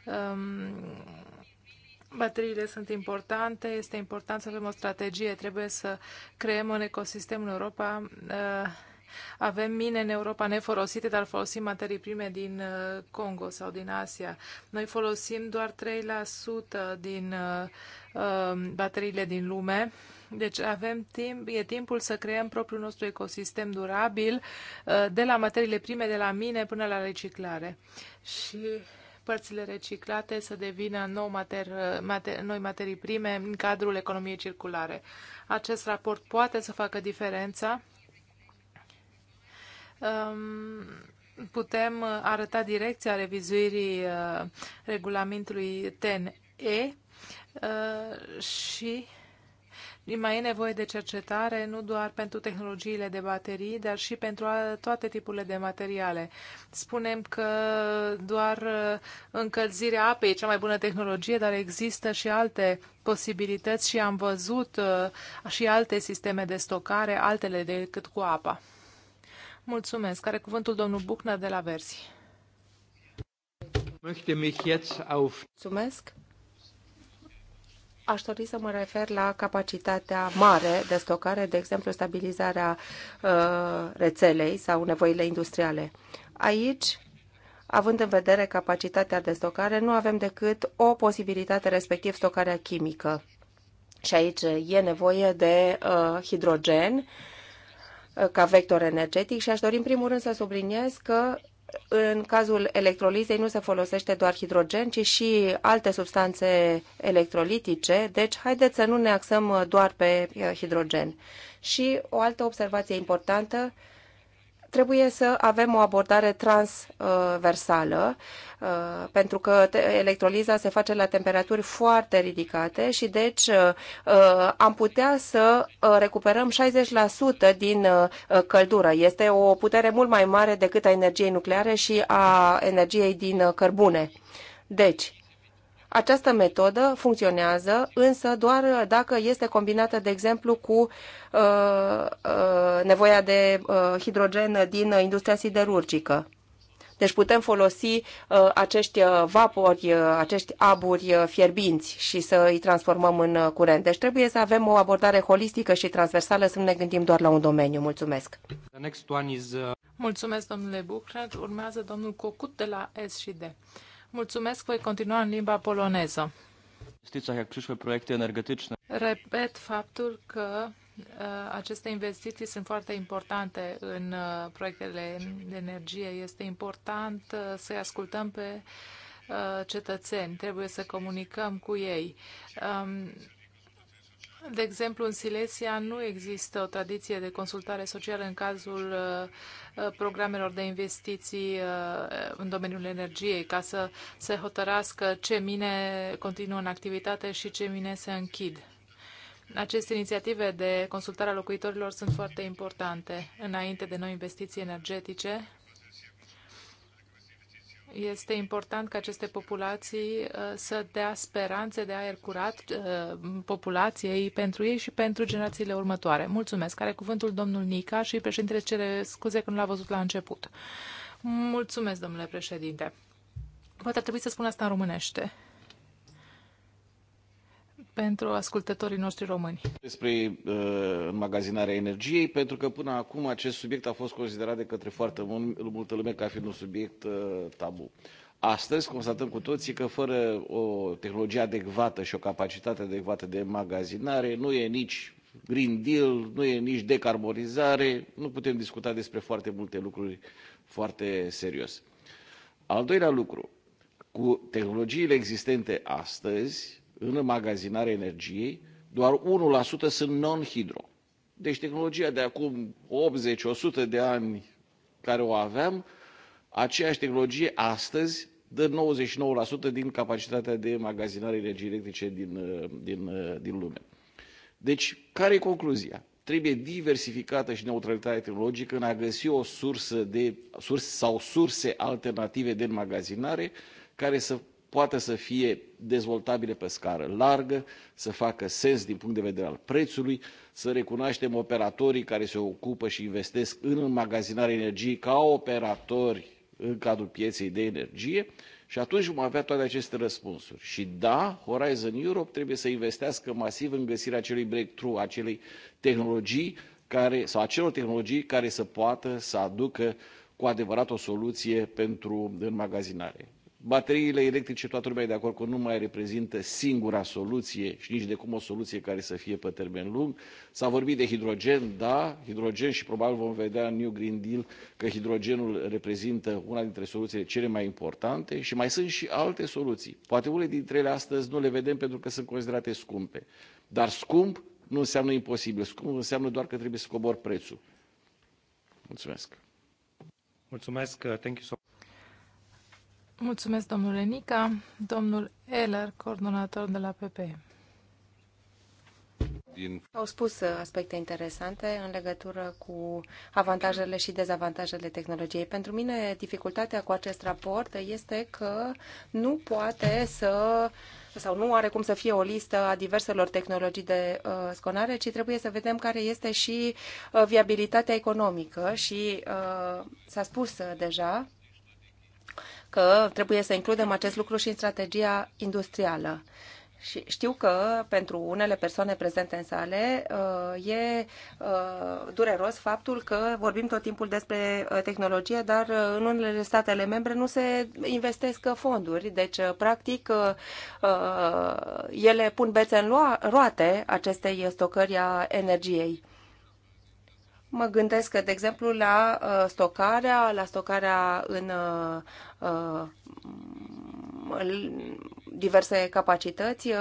um, Bateriile sunt importante, este important să avem o strategie, trebuie să creăm un ecosistem în Europa. Uh, avem mine în Europa nefolosite, dar folosim materii prime din uh, Congo sau din Asia. Noi folosim doar 3% din uh, bateriile din lume. Deci avem timp, e timpul să creăm propriul nostru ecosistem durabil, de la materiile prime, de la mine până la reciclare. Și părțile reciclate să devină nou mater, mater, noi materii prime în cadrul economiei circulare. Acest raport poate să facă diferența. Um, putem arăta direcția revizuirii uh, regulamentului TNE uh, și uh, mai e nevoie de cercetare nu doar pentru tehnologiile de baterii, dar și pentru toate tipurile de materiale. Spunem că doar uh, încălzirea apei e cea mai bună tehnologie, dar există și alte posibilități și am văzut uh, și alte sisteme de stocare, altele decât cu apa. Mulțumesc. Care cuvântul domnul Buchner de la Versi? Mulțumesc aș dori să mă refer la capacitatea mare de stocare, de exemplu stabilizarea uh, rețelei sau nevoile industriale. Aici având în vedere capacitatea de stocare, nu avem decât o posibilitate, respectiv stocarea chimică. Și aici e nevoie de uh, hidrogen uh, ca vector energetic și aș dori în primul rând să subliniez că în cazul electrolizei nu se folosește doar hidrogen, ci și alte substanțe electrolitice, deci haideți să nu ne axăm uh, doar pe uh, hidrogen. Și o altă observație importantă trebuie să avem o abordare transversală, uh, pentru că electroliza se face la temperaturi foarte ridicate și deci uh, am putea să uh, recuperăm 60% din căldură. Este o putere mult mai mare decât a energiei nucleare și a energiei din cărbune. Deci, această metodă funcționează, însă doar dacă este combinată, de exemplu, cu uh, uh, nevoia de uh, hidrogen din industria siderurgică. Deci putem folosi uh, acești uh, vapori, uh, acești aburi uh, fierbinți și să îi transformăm în uh, curent. Deci trebuie să avem o abordare holistică și transversală, să nu ne gândim doar la un domeniu. Mulțumesc! The next one is, uh... Mulțumesc, domnule Bucrat. Urmează domnul Cocut de la S&D. Mulțumesc, voi continua în limba poloneză. Repet faptul că uh, aceste investiții sunt foarte importante în uh, proiectele de energie. Este important uh, să-i ascultăm pe cetățeni, trebuie să comunicăm cu ei. Um, de exemplu, în Silesia nu există o tradiție de consultare socială în cazul uh, uh, programelor de investiții uh, în domeniul energiei, ca să se hotărască ce mine continuă în activitate și ce mine se închid. Aceste inițiative de consultare a locuitorilor sunt foarte importante înainte de noi investiții energetice este important ca aceste populații uh, să dea speranțe de aer curat uh, populației pentru ei și pentru generațiile următoare. Mulțumesc. Are cuvântul domnul Nica și președintele cere scuze că nu l-a văzut la început. Mulțumesc, domnule președinte. Poate ar trebui să spun asta în românește pentru ascultătorii noștri români. Despre uh, înmagazinarea energiei, pentru că până acum acest subiect a fost considerat de către foarte mult, multă lume ca fiind un subiect uh, tabu. Astăzi constatăm cu toții că fără o tehnologie adecvată și o capacitate adecvată de magazinare nu e nici Green Deal, nu e nici decarbonizare, nu putem discuta despre foarte multe lucruri foarte serios. Al doilea lucru, cu tehnologiile existente astăzi, în înmagazinarea energiei, doar 1% sunt non-hidro. Deci tehnologia de acum 80-100 de ani care o aveam, aceeași tehnologie astăzi dă 99% din capacitatea de magazinare energiei electrice din, uh, din, uh, din lume. Deci, care e concluzia? Trebuie diversificată și neutralitatea tehnologică în a găsi o sursă de, surs, sau surse alternative de înmagazinare care să poate să fie dezvoltabile pe scară largă, să facă sens din punct de vedere al prețului, să recunoaștem operatorii care se ocupă și investesc în înmagazinarea energiei ca operatori în cadrul pieței de energie și atunci vom avea toate aceste răspunsuri. Și da, Horizon Europe trebuie să investească masiv în găsirea acelui breakthrough, acelei tehnologii care, sau acelor tehnologii care să poată să aducă cu adevărat o soluție pentru înmagazinare. Bateriile electrice, toată lumea e de acord că nu mai reprezintă singura soluție și nici de cum o soluție care să fie pe termen lung. S-a vorbit de hidrogen, da, hidrogen și probabil vom vedea în New Green Deal că hidrogenul reprezintă una dintre soluțiile cele mai importante și mai sunt și alte soluții. Poate unele dintre ele astăzi nu le vedem pentru că sunt considerate scumpe. Dar scump nu înseamnă imposibil, scump înseamnă doar că trebuie să cobor prețul. Mulțumesc. Mulțumesc. Thank you so Mulțumesc, domnule Nica. Domnul Eller, coordonator de la PPE. Din... Au spus aspecte interesante în legătură cu avantajele și dezavantajele tehnologiei. Pentru mine, dificultatea cu acest raport este că nu poate să sau nu are cum să fie o listă a diverselor tehnologii de uh, sconare, ci trebuie să vedem care este și uh, viabilitatea economică și uh, s-a spus uh, deja că trebuie să includem acest lucru și în strategia industrială. Și știu că pentru unele persoane prezente în sale uh, e uh, dureros faptul că vorbim tot timpul despre uh, tehnologie, dar în unele statele membre nu se investesc fonduri. Deci, practic, ele pun bețe în roate acestei stocări a energiei. Mă gândesc, de exemplu, la uh, stocarea, la stocarea în uh, uh, diverse capacități. Uh,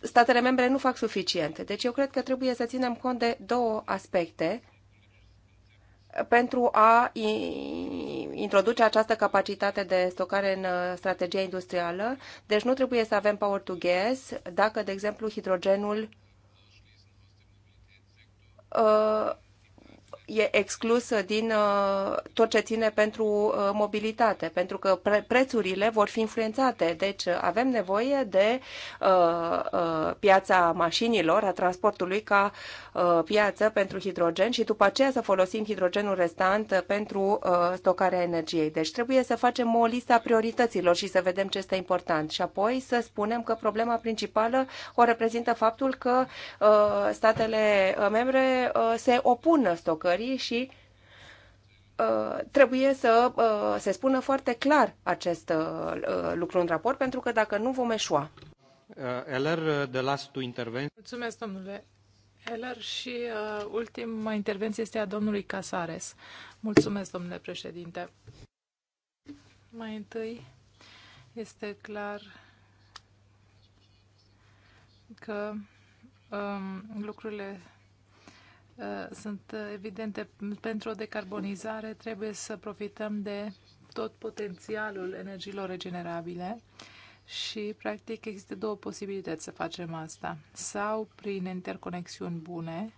statele membre nu fac suficient. Deci eu cred că trebuie să ținem cont de două aspecte pentru a introduce această capacitate de stocare în uh, strategia industrială. Deci nu trebuie să avem power to gas dacă, de exemplu, hidrogenul uh, e exclus din uh, tot ce ține pentru uh, mobilitate, pentru că pre prețurile vor fi influențate. Deci uh, avem nevoie de piața mașinilor, a transportului ca piață pentru hidrogen și după aceea să folosim hidrogenul restant pentru stocarea energiei. Deci trebuie să facem o listă a priorităților și să vedem ce este important și apoi să spunem că problema principală o reprezintă faptul că statele membre se opun stocării țării și uh, trebuie să uh, se spună foarte clar acest uh, lucru în raport, pentru că dacă nu vom eșua. Eller, de last tu intervenție. Mulțumesc, domnule Eller. Și uh, ultima intervenție este a domnului Casares. Mulțumesc, domnule președinte. Mai întâi, este clar că um, lucrurile Uh, sunt uh, evidente. Pentru o decarbonizare trebuie să profităm de tot potențialul energiilor regenerabile și, practic, există două posibilități să facem asta. Sau prin interconexiuni bune,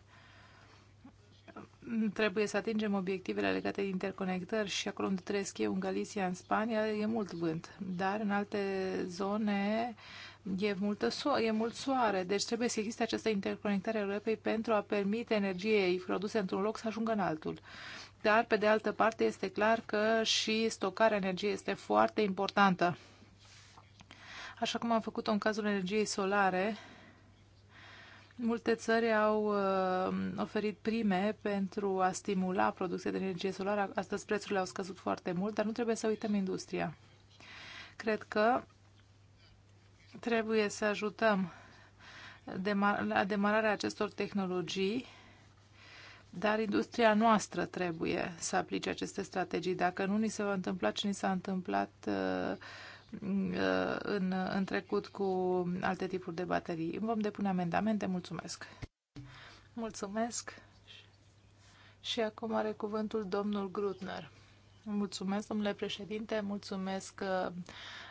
trebuie să atingem obiectivele legate de interconectări și acolo unde trăiesc eu, în Galicia, în Spania, e mult vânt. Dar în alte zone E, multă so- e mult soare, deci trebuie să existe această interconectare a Europei pentru a permite energiei produse într-un loc să ajungă în altul. Dar, pe de altă parte, este clar că și stocarea energiei este foarte importantă. Așa cum am făcut-o în cazul energiei solare, Multe țări au uh, oferit prime pentru a stimula producția de energie solară. Astăzi prețurile au scăzut foarte mult, dar nu trebuie să uităm industria. Cred că Trebuie să ajutăm la demararea acestor tehnologii, dar industria noastră trebuie să aplice aceste strategii. Dacă nu ni se va întâmpla ce ni s-a întâmplat uh, uh, în, în trecut cu alte tipuri de baterii. Vom depune amendamente. Mulțumesc! Mulțumesc! Și acum are cuvântul domnul Grutner. Mulțumesc, domnule președinte, mulțumesc uh,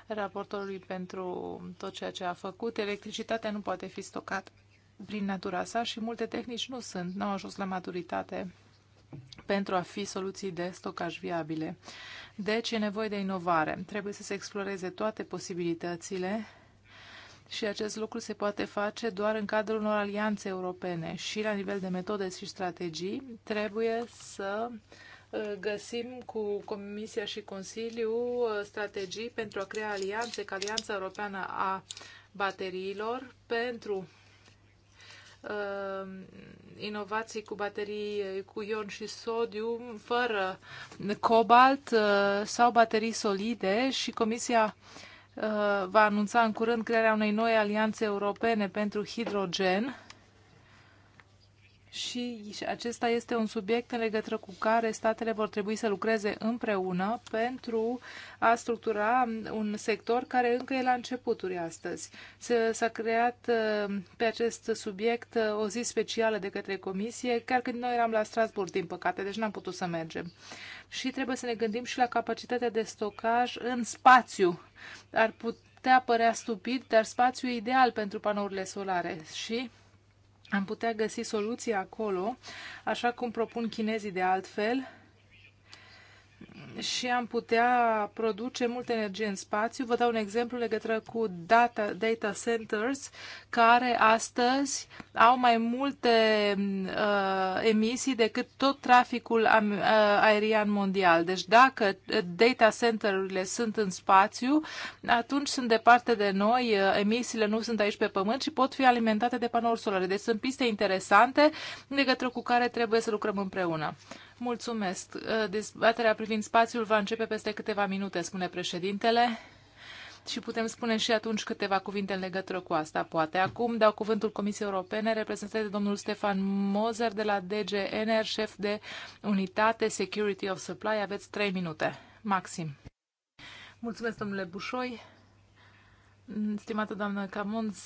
raportorului pentru tot ceea ce a făcut. Electricitatea nu poate fi stocată prin natura sa și multe tehnici nu sunt, nu au ajuns la maturitate pentru a fi soluții de stocaj viabile. Deci e nevoie de inovare. Trebuie să se exploreze toate posibilitățile și acest lucru se poate face doar în cadrul unor alianțe europene și la nivel de metode și strategii trebuie să uh, găsim cu Comisia și Consiliu uh, strategii pentru a crea alianțe, ca Alianța Europeană a Bateriilor pentru uh, inovații cu baterii uh, cu ion și sodiu, fără cobalt sau baterii solide și Comisia va anunța în curând crearea unei noi alianțe europene pentru hidrogen și acesta este un subiect în legătură cu care statele vor trebui să lucreze împreună pentru a structura un sector care încă e la începuturi astăzi. S-a creat uh, pe acest subiect uh, o zi specială de către Comisie, chiar când noi eram la Strasburg, din păcate, deci n-am putut să mergem. Și trebuie să ne gândim și la capacitatea de stocaj în spațiu. Ar putea părea stupid, dar spațiu ideal pentru panourile solare și am putea găsi soluții acolo, așa cum propun chinezii de altfel, și am putea produce multă energie în spațiu. Vă dau un exemplu legătură cu data, data centers, care astăzi au mai multe uh, emisii decât tot traficul am, uh, aerian mondial. Deci dacă data centerurile sunt în spațiu, atunci sunt departe de noi, uh, emisiile nu sunt aici pe pământ și pot fi alimentate de panouri solare. Deci sunt piste interesante legătură cu care trebuie să lucrăm împreună. Mulțumesc. Uh, dezbaterea privind spațiul va începe peste câteva minute, spune președintele. Și putem spune și atunci câteva cuvinte în legătură cu asta, poate. Acum dau cuvântul Comisiei Europene, reprezentat de domnul Stefan Moser de la DG Ener, șef de unitate Security of Supply. Aveți trei minute, maxim. Mulțumesc, domnule Bușoi. Stimată doamnă Camunț,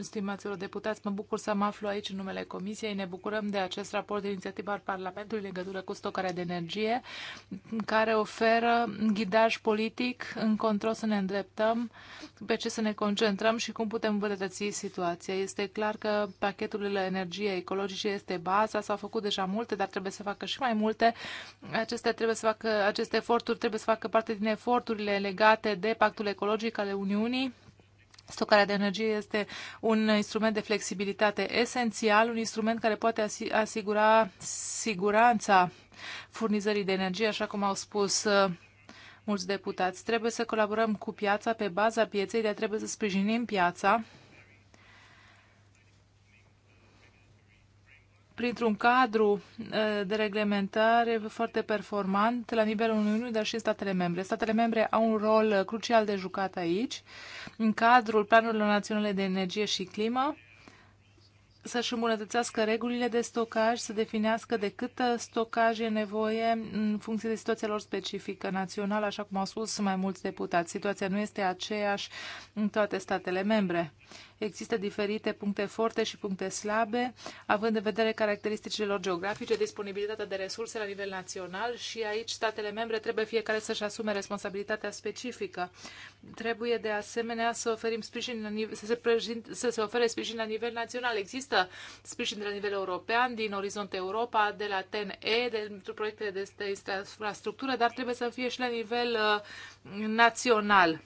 stimați deputați, mă bucur să mă aflu aici în numele Comisiei. Ne bucurăm de acest raport de inițiativă al Parlamentului în legătură cu stocarea de energie, care oferă ghidaj politic control să ne îndreptăm, pe ce să ne concentrăm și cum putem îmbunătăți situația. Este clar că pachetul de energie ecologice este baza, s-au făcut deja multe, dar trebuie să facă și mai multe. Aceste, trebuie să facă, aceste eforturi trebuie să facă parte din eforturile legate de pactul ecologic ale Uniunii Stocarea de energie este un instrument de flexibilitate esențial, un instrument care poate asigura siguranța furnizării de energie, așa cum au spus uh, mulți deputați. Trebuie să colaborăm cu piața pe baza pieței, dar trebuie să sprijinim piața printr-un cadru uh, de reglementare foarte performant la nivelul Uniunii, dar și în statele membre. Statele membre au un rol uh, crucial de jucat aici, în cadrul planurilor naționale de energie și climă, să-și îmbunătățească regulile de stocaj, să definească de cât stocaj e nevoie în funcție de situația lor specifică națională, așa cum au spus mai mulți deputați. Situația nu este aceeași în toate statele membre. Există diferite puncte forte și puncte slabe, având în vedere caracteristicile lor geografice, disponibilitatea de resurse la nivel național și aici statele membre trebuie fiecare să-și asume responsabilitatea specifică. Trebuie de asemenea să oferim sprijin la nivel, să, se prezint, să se ofere sprijin la nivel național. Există sprijin de la nivel european, din Orizont Europa, de la TNE, pentru proiectele de infrastructură, dar trebuie să fie și la nivel uh, național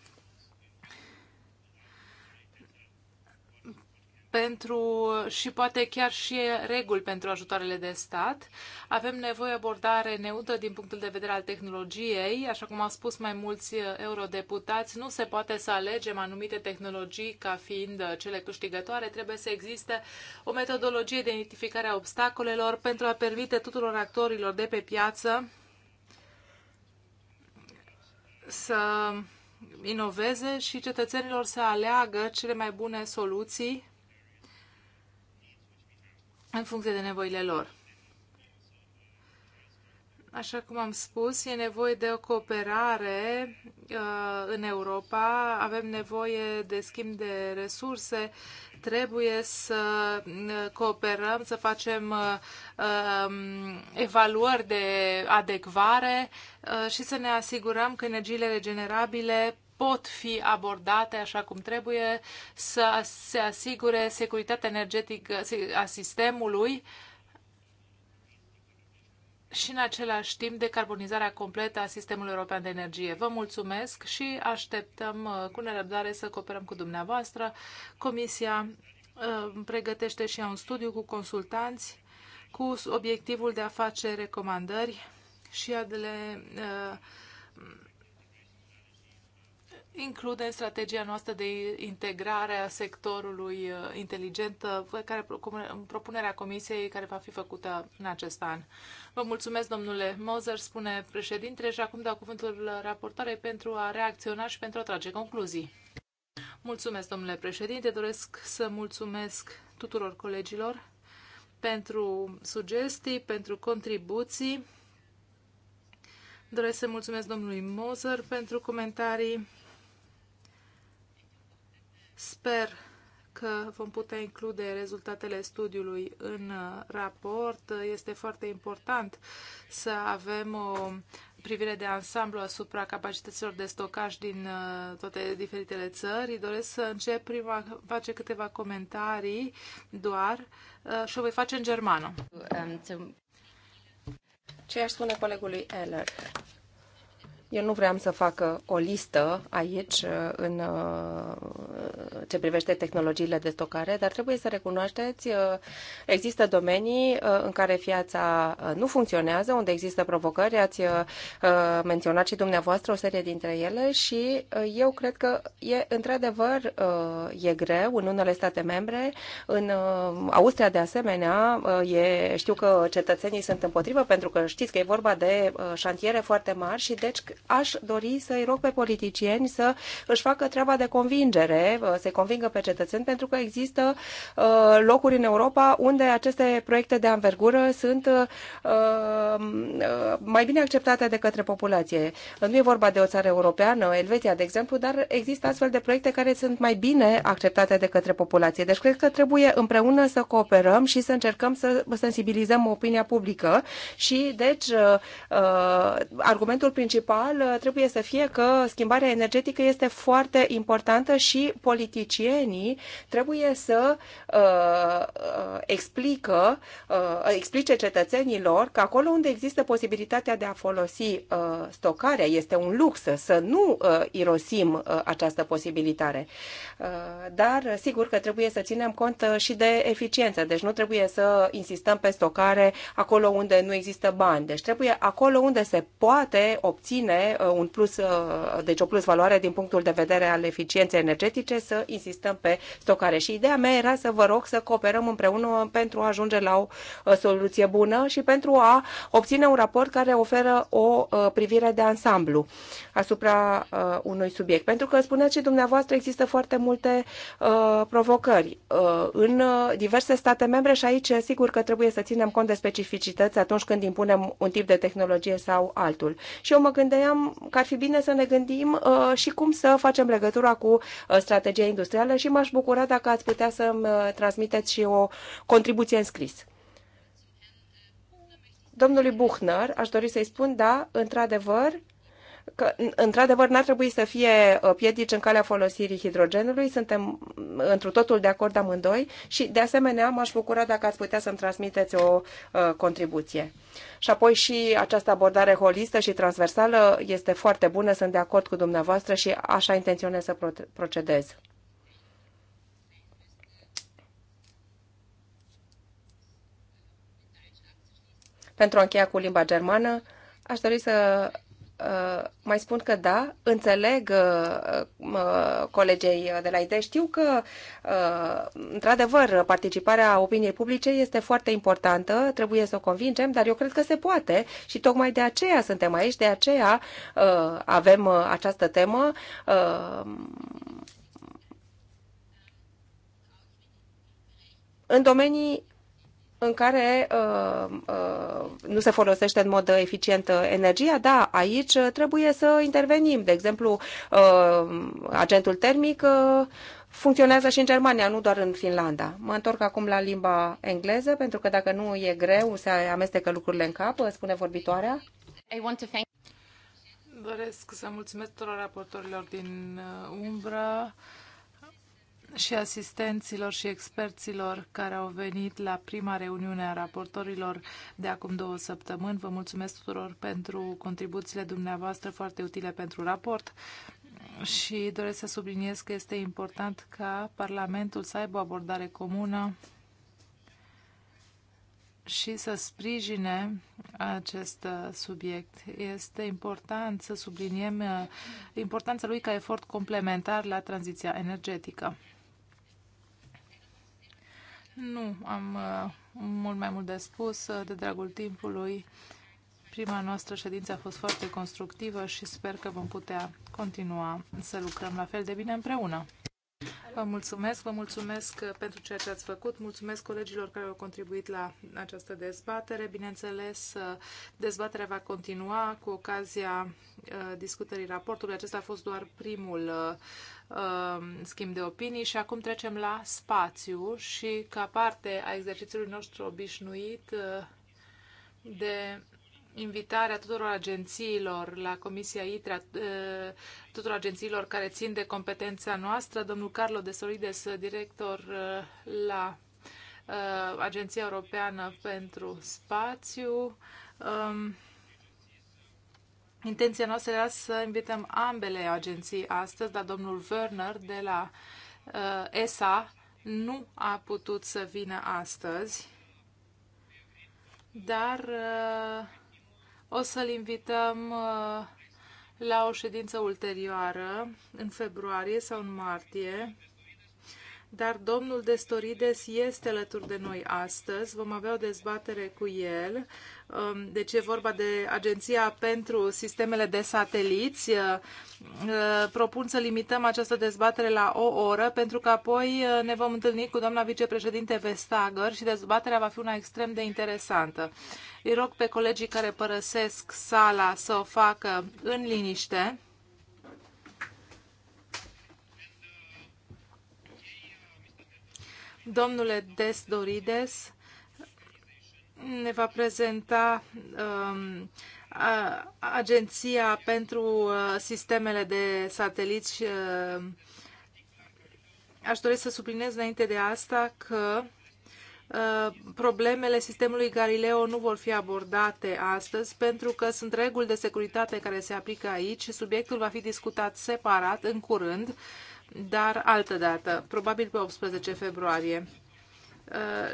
pentru și poate chiar și reguli pentru ajutoarele de stat. Avem nevoie abordare neutră din punctul de vedere al tehnologiei. Așa cum au spus mai mulți eurodeputați, nu se poate să alegem anumite tehnologii ca fiind cele câștigătoare. Trebuie să existe o metodologie de identificare a obstacolelor pentru a permite tuturor actorilor de pe piață să inoveze și cetățenilor să aleagă cele mai bune soluții în funcție de nevoile lor. Așa cum am spus, e nevoie de o cooperare uh, în Europa, avem nevoie de schimb de resurse, trebuie să uh, cooperăm, să facem uh, um, evaluări de adecvare uh, și să ne asigurăm că energiile regenerabile pot fi abordate așa cum trebuie, să se asigure securitatea energetică a sistemului și în același timp decarbonizarea completă a sistemului european de energie. Vă mulțumesc și așteptăm uh, cu nerăbdare să cooperăm cu dumneavoastră. Comisia uh, pregătește și un studiu cu consultanți cu obiectivul de a face recomandări și a de le uh, include strategia noastră de integrare a sectorului uh, inteligent, uh, care, propunerea comisiei care va fi făcută în acest an. Vă mulțumesc, domnule Moser, spune președintele, și acum dau cuvântul raportare pentru a reacționa și pentru a trage concluzii. Mulțumesc, domnule președinte, doresc să mulțumesc tuturor colegilor pentru sugestii, pentru contribuții. Doresc să mulțumesc domnului Moser pentru comentarii Sper că vom putea include rezultatele studiului în uh, raport. Este foarte important să avem o privire de ansamblu asupra capacităților de stocaj din uh, toate diferitele țări. Doresc să încep prima face câteva comentarii doar uh, și o voi face în germană. Um, Ce aș spune colegului Eller? Eu nu vreau să fac uh, o listă aici uh, în uh, ce privește tehnologiile de stocare, dar trebuie să recunoașteți, există domenii în care fiața nu funcționează, unde există provocări, ați menționat și dumneavoastră o serie dintre ele și eu cred că e într-adevăr e greu în unele state membre, în Austria de asemenea, e, știu că cetățenii sunt împotrivă pentru că știți că e vorba de șantiere foarte mari și deci aș dori să-i rog pe politicieni să își facă treaba de convingere, să-i convingă pe cetățeni, pentru că există uh, locuri în Europa unde aceste proiecte de anvergură sunt uh, uh, mai bine acceptate de către populație. Nu e vorba de o țară europeană, Elveția, de exemplu, dar există astfel de proiecte care sunt mai bine acceptate de către populație. Deci cred că trebuie împreună să cooperăm și să încercăm să sensibilizăm opinia publică și, deci, argumentul principal principal trebuie să fie că schimbarea energetică este foarte importantă și politicienii trebuie să uh, uh, explică, uh, explice cetățenilor că acolo unde există posibilitatea de a folosi uh, stocarea este un lux să nu uh, irosim uh, această posibilitate. Uh, dar sigur că trebuie să ținem cont uh, și de eficiență, deci nu trebuie să insistăm pe stocare acolo unde nu există bani. Deci trebuie acolo unde se poate obține valoare, uh, un plus, uh, deci o plus valoare din punctul de vedere al eficienței energetice, să insistăm pe stocare. Și ideea mea era să vă rog să cooperăm împreună pentru a ajunge la o uh, soluție bună și pentru a obține un raport care oferă o privire de ansamblu asupra unui subiect. Pentru că, spuneți și dumneavoastră, există foarte multe provocări în diverse state membre și aici sigur că trebuie să ținem cont de specificități atunci când impunem un tip de tehnologie sau altul. Și eu mă gândeam spuneam că ar fi bine să ne gândim uh, și cum să facem legătura cu uh, strategia industrială și m-aș bucura dacă ați putea să-mi uh, transmiteți și o contribuție în scris. Domnului Buchner, aș dori să-i spun, da, într-adevăr, că, într-adevăr, n-ar trebui să fie uh, piedici în calea folosirii hidrogenului. Suntem mm, într totul de acord amândoi și, de asemenea, m-aș bucura dacă ați putea să-mi transmiteți o uh, contribuție. Și apoi și această abordare holistă și transversală este foarte bună, sunt de acord cu dumneavoastră și așa intenționez să procedez. Pentru a încheia cu limba germană, aș dori să Uh, mai spun că da, înțeleg uh, uh, colegei de la IDE. Știu că, într-adevăr, participarea opiniei publice este foarte importantă, trebuie să o convingem, dar eu cred că se poate și tocmai de aceea suntem aici, de aceea avem această temă. În domenii în care uh, uh, nu se folosește în mod eficient uh, energia, da, aici uh, trebuie să intervenim. De exemplu, uh, agentul termic uh, funcționează și în Germania, nu doar în Finlanda. Mă întorc acum la limba engleză, pentru că dacă nu e greu, se amestecă lucrurile în cap, uh, spune vorbitoarea. I want to thank Doresc să mulțumesc tuturor raportorilor din umbră și asistenților și experților care au venit la prima reuniune a raportorilor de acum două săptămâni. Vă mulțumesc tuturor pentru contribuțiile dumneavoastră foarte utile pentru raport și doresc să subliniez că este important ca Parlamentul să aibă o abordare comună și să sprijine acest uh, subiect. Este important să subliniem uh, importanța lui ca efort complementar la tranziția energetică. Nu am uh, mult mai mult de spus. Uh, de dragul timpului, prima noastră ședință a fost foarte constructivă și sper că vom putea continua să lucrăm la fel de bine împreună. Vă mulțumesc, vă mulțumesc pentru ceea ce ați făcut, mulțumesc colegilor care au contribuit la această dezbatere. Bineînțeles, dezbaterea va continua cu ocazia uh, discutării raportului. Acesta a fost doar primul uh, schimb de opinii și acum trecem la spațiu și ca parte a exercițiului nostru obișnuit uh, de invitarea tuturor agențiilor la Comisia ITRA, tuturor agențiilor care țin de competența noastră, domnul Carlo de Solides, director la Agenția Europeană pentru Spațiu. Intenția noastră era să invităm ambele agenții astăzi, dar domnul Werner de la ESA nu a putut să vină astăzi, dar o să-l invităm uh, la o ședință ulterioară, în februarie sau în martie, dar domnul Destorides este alături de noi astăzi. Vom avea o dezbatere cu el. Um, deci e vorba de Agenția pentru Sistemele de Sateliți. Uh, uh, propun să limităm această dezbatere la o oră, pentru că apoi uh, ne vom întâlni cu doamna vicepreședinte Vestager și dezbaterea va fi una extrem de interesantă. Îi rog pe colegii care părăsesc sala să o facă în liniște Domnule Desdorides ne va prezenta um, a, Agenția pentru uh, Sistemele de Sateliți. Uh, aș dori să subliniez înainte de asta că uh, problemele sistemului Galileo nu vor fi abordate astăzi pentru că sunt reguli de securitate care se aplică aici. Subiectul va fi discutat separat în curând dar altă dată, probabil pe 18 februarie.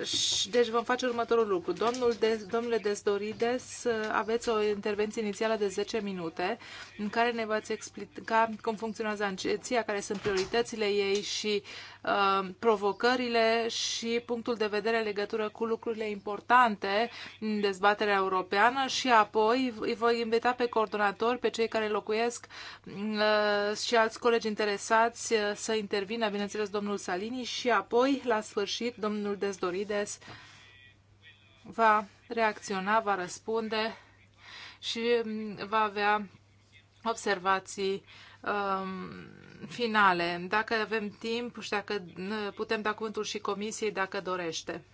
Uh, deci vom face următorul lucru. Domnul de, domnule Desdorides, uh, aveți o intervenție inițială de 10 minute în care ne veți explica cum funcționează anceția, care sunt prioritățile ei și Um, provocările și punctul de vedere în legătură cu lucrurile importante în dezbaterea europeană și apoi îi voi invita pe coordonatori, pe cei care locuiesc uh, și alți colegi interesați uh, să intervină, bineînțeles, domnul Salini și apoi, la sfârșit, domnul Dezdorides va reacționa, va răspunde și mm, va avea observații uh, um, finale, dacă avem timp și dacă putem da cuvântul și comisiei dacă dorește.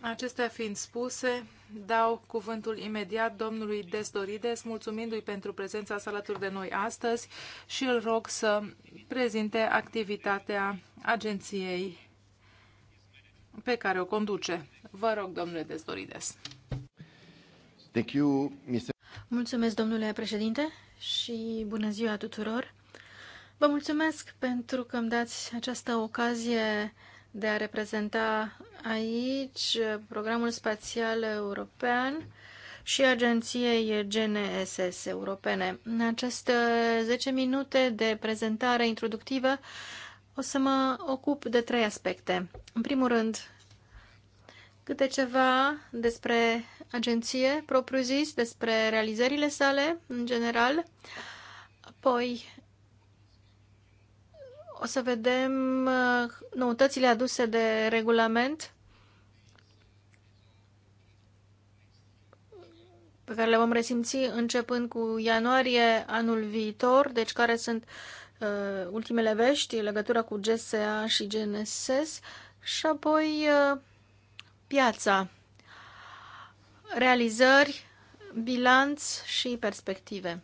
Acestea fiind spuse, dau cuvântul imediat domnului Destorides, mulțumindu-i pentru prezența sa alături de noi astăzi și îl rog să prezinte activitatea agenției pe care o conduce. Vă rog, domnule Destorides. Thank you, Mr. Mulțumesc, domnule președinte, și bună ziua tuturor! Vă mulțumesc pentru că îmi dați această ocazie de a reprezenta aici programul spațial european și agenției GNSS europene. În aceste 10 minute de prezentare introductivă o să mă ocup de trei aspecte. În primul rând, câte ceva despre agenție propriu-zis, despre realizările sale în general. Apoi o să vedem uh, noutățile aduse de regulament pe care le vom resimți începând cu ianuarie anul viitor, deci care sunt uh, ultimele vești legătura cu GSA și GNSS și apoi uh, piața, realizări, bilanț și perspective.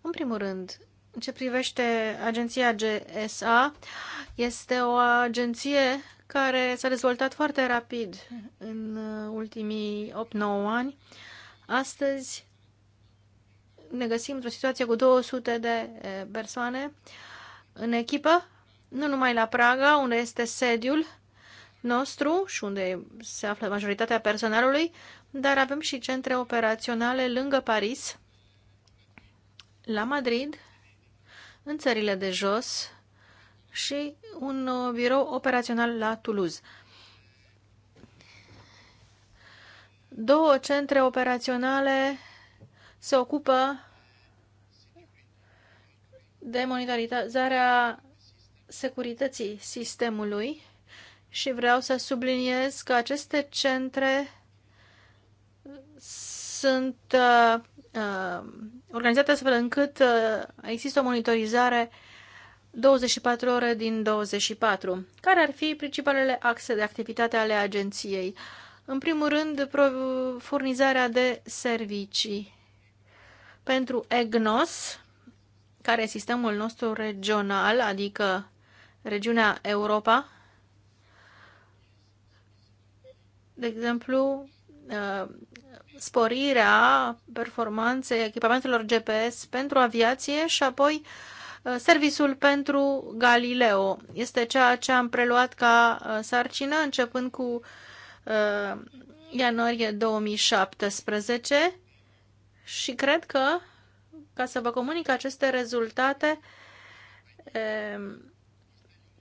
În primul rând, în ce privește agenția GSA, este o agenție care s-a dezvoltat foarte rapid în ultimii 8-9 ani. Astăzi ne găsim într-o situație cu 200 de eh, persoane în echipă, nu numai la Praga, unde este sediul, nostru și unde se află majoritatea personalului, dar avem și centre operaționale lângă Paris, la Madrid, în țările de jos și un uh, birou operațional la Toulouse. Două centre operaționale se ocupă de monitorizarea securității sistemului și vreau să subliniez că aceste centre sunt uh, uh, organizate astfel încât uh, există o monitorizare 24 ore din 24. Care ar fi principalele axe de activitate ale agenției? În primul rând, furnizarea de servicii pentru EGNOS, care e sistemul nostru regional, adică regiunea Europa, de exemplu, uh, sporirea performanței echipamentelor GPS pentru aviație și apoi uh, serviciul pentru Galileo. Este ceea ce am preluat ca uh, sarcină începând cu ianuarie 2017 și cred că, ca să vă comunic aceste rezultate,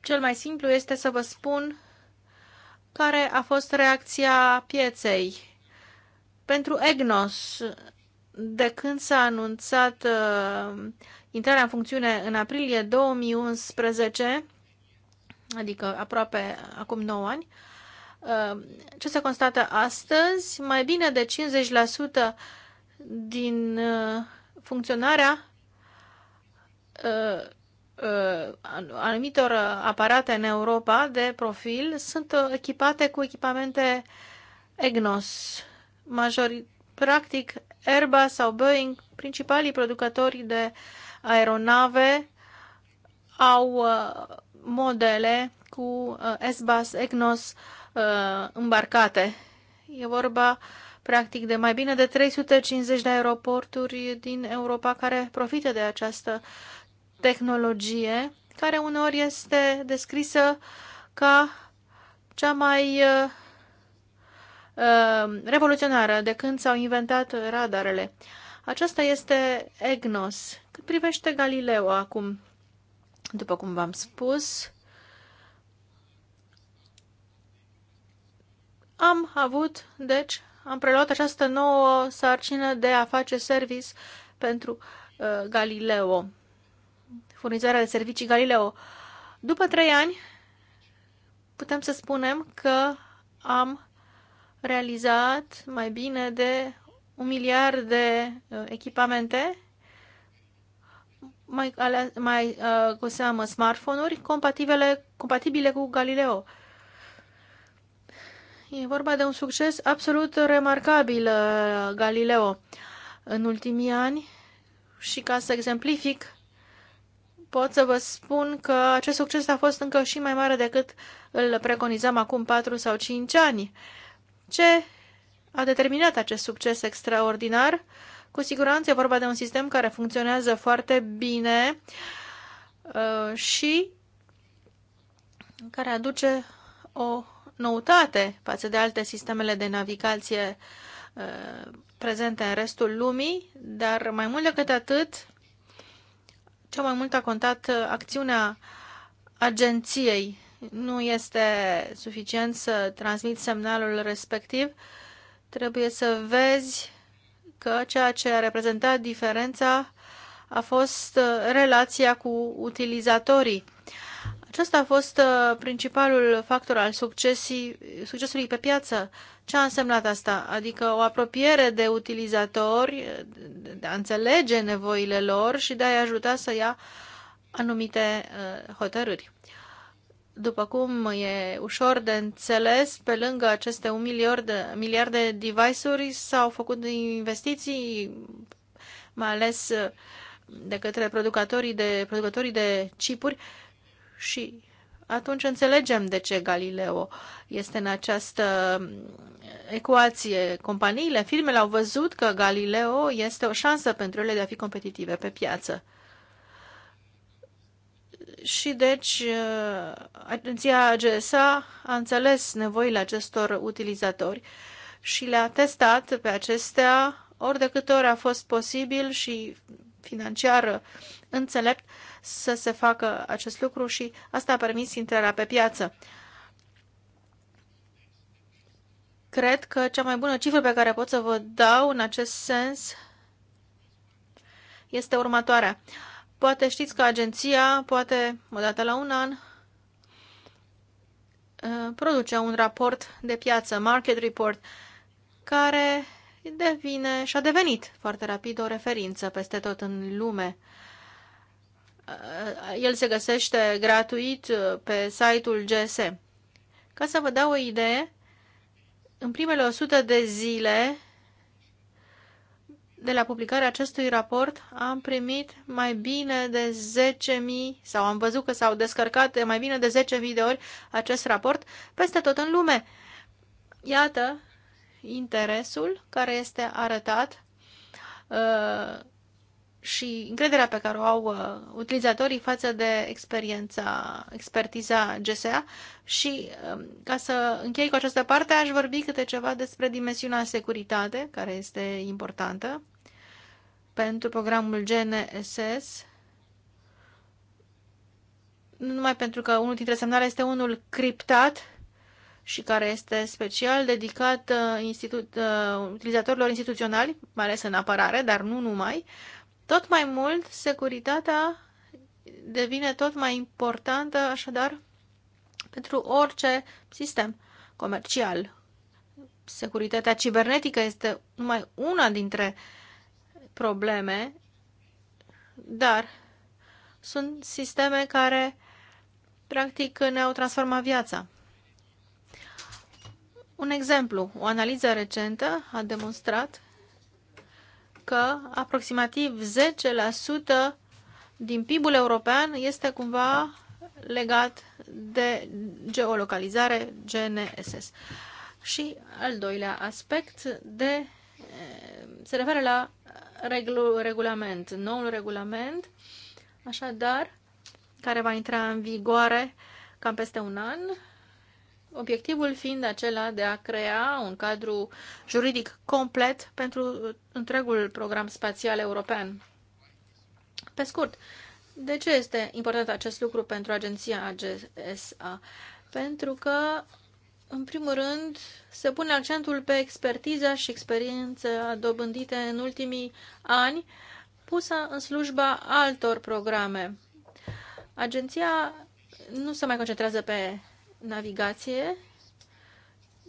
cel mai simplu este să vă spun care a fost reacția pieței. Pentru EGNOS, de când s-a anunțat uh, intrarea în funcțiune în aprilie 2011, adică aproape acum 9 ani, uh, ce se constată astăzi? Mai bine de 50% din uh, funcționarea uh, Uh, anumitor aparate în Europa de profil sunt uh, echipate cu echipamente EGNOS. Majori, practic, Airbus sau Boeing, principalii producători de aeronave, au uh, modele cu SBAS, EGNOS îmbarcate. E vorba practic de mai bine de 350 de aeroporturi din Europa care profită de această tehnologie care uneori este descrisă ca cea mai uh, uh, revoluționară de când s-au inventat radarele. Aceasta este EGNOS. Cât privește Galileo acum, după cum v-am spus, am avut, deci, am preluat această nouă sarcină de a face service pentru uh, Galileo furnizarea de servicii Galileo. După trei ani, putem să spunem că am realizat mai bine de un miliard de uh, echipamente, mai, ale, mai uh, cu seamă smartphone-uri compatibile, compatibile cu Galileo. E vorba de un succes absolut remarcabil, uh, Galileo, în ultimii ani. Și ca să exemplific, pot să vă spun că acest succes a fost încă și mai mare decât îl preconizam acum 4 sau 5 ani. Ce a determinat acest succes extraordinar? Cu siguranță e vorba de un sistem care funcționează foarte bine uh, și care aduce o noutate față de alte sistemele de navigație uh, prezente în restul lumii, dar mai mult decât atât, cea mai mult a contat uh, acțiunea agenției. Nu este suficient să transmiți semnalul respectiv. Trebuie să vezi că ceea ce a reprezentat diferența a fost uh, relația cu utilizatorii acesta a fost uh, principalul factor al succesului pe piață. Ce a însemnat asta? Adică o apropiere de utilizatori, de a înțelege nevoile lor și de a-i ajuta să ia anumite uh, hotărâri. După cum e ușor de înțeles, pe lângă aceste un miliard de, miliard de device-uri s-au făcut investiții, mai ales uh, de către producătorii de, producătorii de chipuri, uh, și atunci înțelegem de ce Galileo este în această mm, ecuație. Companiile, firmele au văzut că Galileo este o șansă pentru ele de a fi competitive pe piață. Și deci uh, agenția GSA a înțeles nevoile acestor utilizatori și le-a testat pe acestea ori de câte ori a fost posibil și financiar uh, înțelept să se facă acest lucru și asta a permis intrarea pe piață. Cred că cea mai bună cifră pe care pot să vă dau în acest sens este următoarea. Poate știți că agenția, poate odată la un an, uh, produce un raport de piață, market report, care devine și a devenit foarte rapid o referință peste tot în lume. Uh, el se găsește gratuit uh, pe site-ul GS. Ca să vă dau o idee, în primele 100 de zile de la publicarea acestui raport am primit mai bine de 10.000 sau am văzut că s-au descărcat mai bine de 10.000 de ori acest raport peste tot în lume. Iată interesul care este arătat uh, și încrederea pe care o au uh, utilizatorii față de experiența, expertiza GSA. Și um, ca să închei cu această parte, aș vorbi câte ceva despre dimensiunea securitate, care este importantă pentru programul GNSS, nu numai pentru că unul dintre semnale este unul criptat și care este special dedicat uh, institut, uh, utilizatorilor instituționali, mai ales în apărare, dar nu numai, uh, tot mai mult, securitatea devine tot mai importantă, așadar, pentru orice sistem comercial. Securitatea cibernetică este numai una dintre probleme, dar sunt sisteme care practic ne-au transformat viața. Un exemplu, o analiză recentă a demonstrat că aproximativ 10% din PIB-ul european este cumva legat de geolocalizare GNSS. Și al doilea aspect de, se referă la reglu, regulament, noul regulament, așadar, care va intra în vigoare cam peste un an obiectivul fiind acela de a crea un cadru juridic complet pentru întregul program spațial european. Pe scurt, de ce este important acest lucru pentru agenția AGSA? Pentru că, în primul rând, se pune accentul pe expertiza și experiența dobândite în ultimii ani, pusă în slujba altor programe. Agenția nu se mai concentrează pe navigație,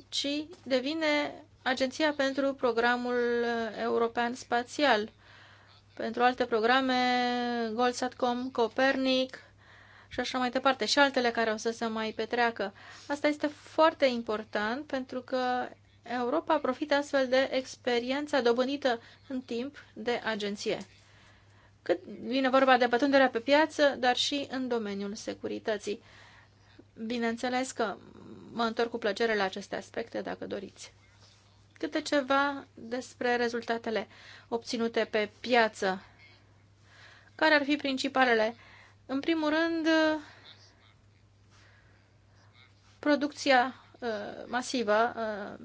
ci devine Agenția pentru Programul European Spațial, pentru alte programe, Goldsatcom, Copernic și așa mai departe, și altele care o să se mai petreacă. Asta este foarte important pentru că Europa profită astfel de experiența dobândită în timp de agenție. Cât vine vorba de pătrunderea pe piață, dar și în domeniul securității. Bineînțeles că mă întorc cu plăcere la aceste aspecte, dacă doriți. Câte ceva despre rezultatele obținute pe piață. Care ar fi principalele? În primul rând, producția uh, masivă, uh,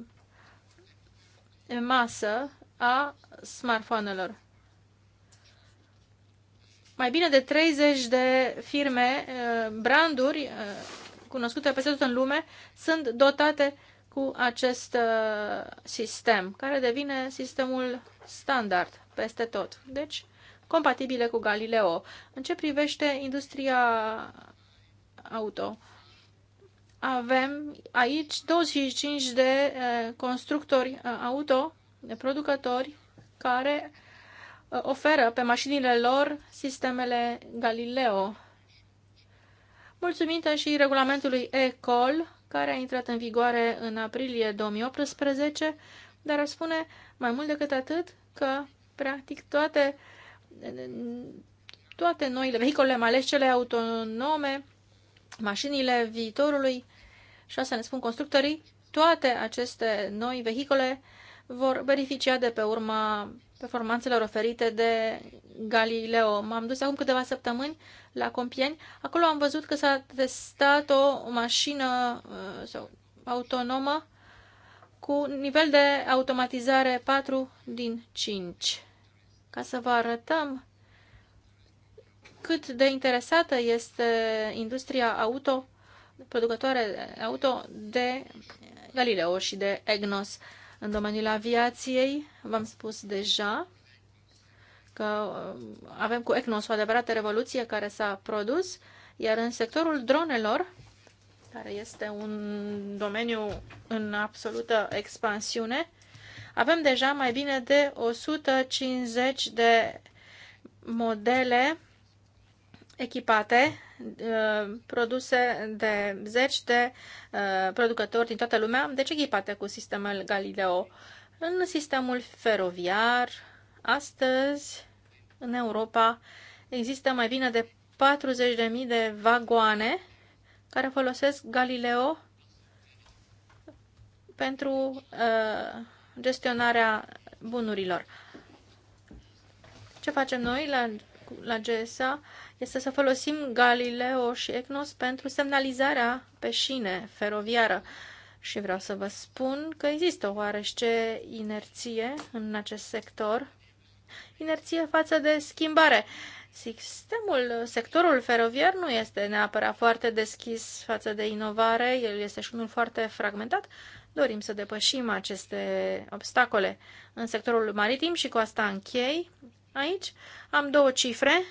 în masă, a smartphone-elor. Mai bine de 30 de firme, uh, branduri, uh, cunoscute peste tot în lume, sunt dotate cu acest uh, sistem, care devine sistemul standard peste tot. Deci, compatibile cu Galileo. În ce privește industria auto, avem aici 25 de uh, constructori uh, auto, de producători, care oferă pe mașinile lor sistemele Galileo mulțumită și regulamentului ECOL, care a intrat în vigoare în aprilie 2018, dar ar spune mai mult decât atât că, practic, toate, toate noile vehicule, mai ales cele autonome, mașinile viitorului, și asta ne spun constructorii, toate aceste noi vehicule vor beneficia de pe urma performanțelor oferite de Galileo. M-am dus acum câteva săptămâni la Compieni. Acolo am văzut că s-a testat o mașină uh, sau, autonomă cu nivel de automatizare 4 din 5. Ca să vă arătăm cât de interesată este industria auto, producătoare auto de Galileo și de EGNOS. În domeniul aviației, v-am spus deja că uh, avem cu ECNOS o adevărată revoluție care s-a produs, iar în sectorul dronelor, care este un domeniu în absolută expansiune, avem deja mai bine de 150 de modele echipate Uh, produse de zeci de uh, producători din toată lumea, deci echipate cu sistemul Galileo. În sistemul feroviar, astăzi, în Europa, există mai bine de 40.000 de vagoane care folosesc Galileo pentru uh, gestionarea bunurilor. Ce facem noi la la GSA este să folosim Galileo și ECNOS pentru semnalizarea pe șine feroviară. Și vreau să vă spun că există oarește inerție în acest sector, inerție față de schimbare. Sistemul, sectorul feroviar nu este neapărat foarte deschis față de inovare, el este și unul foarte fragmentat. Dorim să depășim aceste obstacole în sectorul maritim și cu asta închei. Aici am două cifre,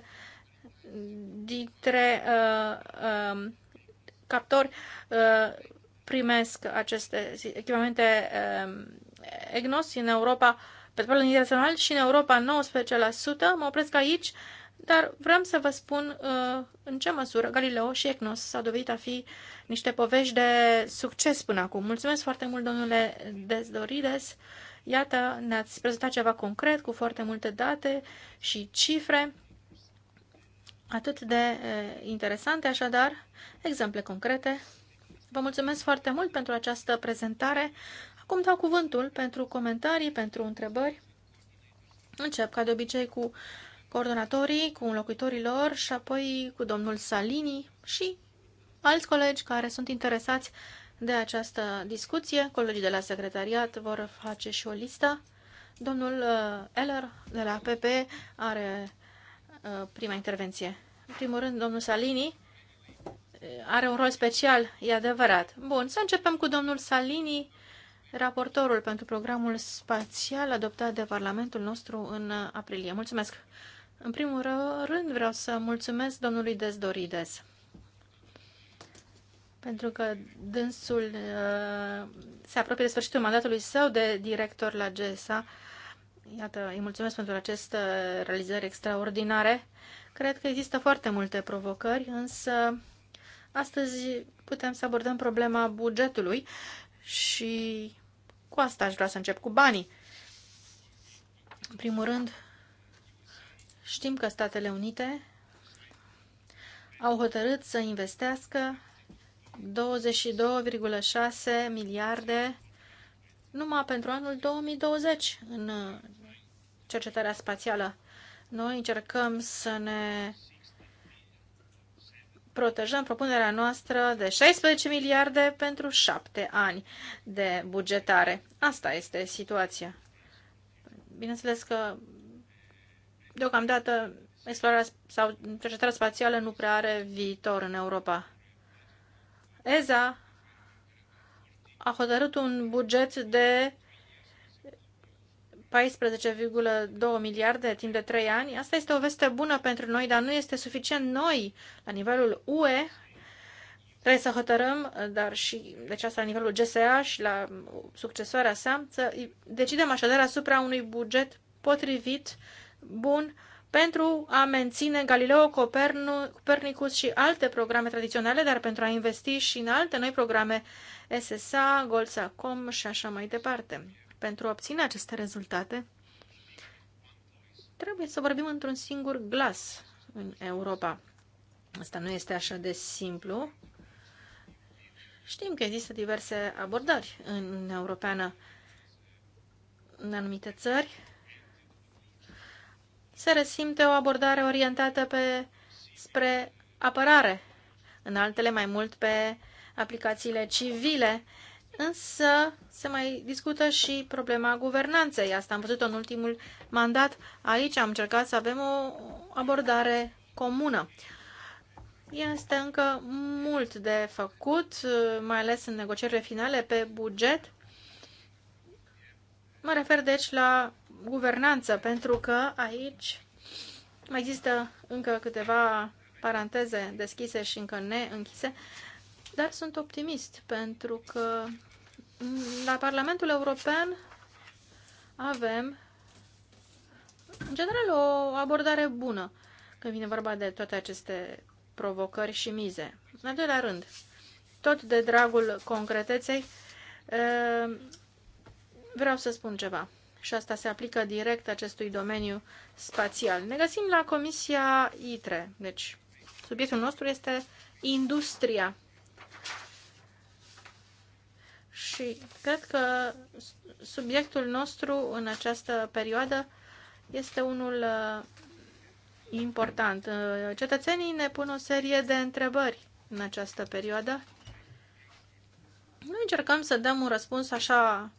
20% dintre uh, uh, captori uh, primesc aceste echipamente uh, EGNOS în Europa, pe plan internațional și în Europa 19%. Mă opresc aici, dar vreau să vă spun uh, în ce măsură Galileo și EGNOS s-au dovedit a fi niște povești de succes până acum. Mulțumesc foarte mult, domnule Desdorides. Iată, ne-ați prezentat ceva concret, cu foarte multe date și cifre, atât de interesante, așadar, exemple concrete. Vă mulțumesc foarte mult pentru această prezentare. Acum dau cuvântul pentru comentarii, pentru întrebări. Încep, ca de obicei, cu coordonatorii, cu înlocuitorii lor și apoi cu domnul Salini și alți colegi care sunt interesați de această discuție. Colegii de la secretariat vor face și o listă. Domnul uh, Eller de la PP are uh, prima intervenție. În primul rând, domnul Salini uh, are un rol special, e adevărat. Bun, să începem cu domnul Salini, raportorul pentru programul spațial adoptat de Parlamentul nostru în aprilie. Mulțumesc! În primul rând vreau să mulțumesc domnului Desdorides pentru că dânsul uh, se apropie de sfârșitul mandatului său de director la GESA. Iată, îi mulțumesc pentru aceste realizări extraordinare. Cred că există foarte multe provocări, însă astăzi putem să abordăm problema bugetului și cu asta aș vrea să încep cu banii. În primul rând, știm că Statele Unite au hotărât să investească 22,6 miliarde numai pentru anul 2020 în uh, cercetarea spațială. Noi încercăm să ne protejăm propunerea noastră de 16 miliarde pentru 7 ani de bugetare. Asta este situația. Bineînțeles că deocamdată explorarea sau cercetarea spațială nu prea are viitor în Europa. ESA a hotărât un buget de 14,2 miliarde timp de 3 ani. Asta este o veste bună pentru noi, dar nu este suficient noi, la nivelul UE, trebuie să hotărâm, dar și, deci asta la nivelul GSA și la succesoarea sa, să decidem așadar asupra unui buget potrivit, bun, pentru a menține Galileo, Copernicus și alte programe tradiționale, dar pentru a investi și în alte noi programe SSA, Goldsacom și așa mai departe. Pentru a obține aceste rezultate, trebuie să vorbim într-un singur glas în Europa. Asta nu este așa de simplu. Știm că există diverse abordări în Uniunea Europeană. În anumite țări se resimte o abordare orientată pe, spre apărare, în altele mai mult pe aplicațiile civile, însă se mai discută și problema guvernanței. Asta am văzut în ultimul mandat. Aici am încercat să avem o abordare comună. Este încă mult de făcut, mai ales în negocierile finale pe buget, Mă refer deci la guvernanță, pentru că aici mai există încă câteva paranteze deschise și încă neînchise, dar sunt optimist pentru că la Parlamentul European avem, în general, o abordare bună când vine vorba de toate aceste provocări și mize. În al doilea rând, tot de dragul concreteței, vreau să spun ceva și asta se aplică direct acestui domeniu spațial. Ne găsim la Comisia ITRE, deci subiectul nostru este industria. Și cred că subiectul nostru în această perioadă este unul uh, important. Uh, cetățenii ne pun o serie de întrebări în această perioadă. Noi încercăm să dăm un răspuns așa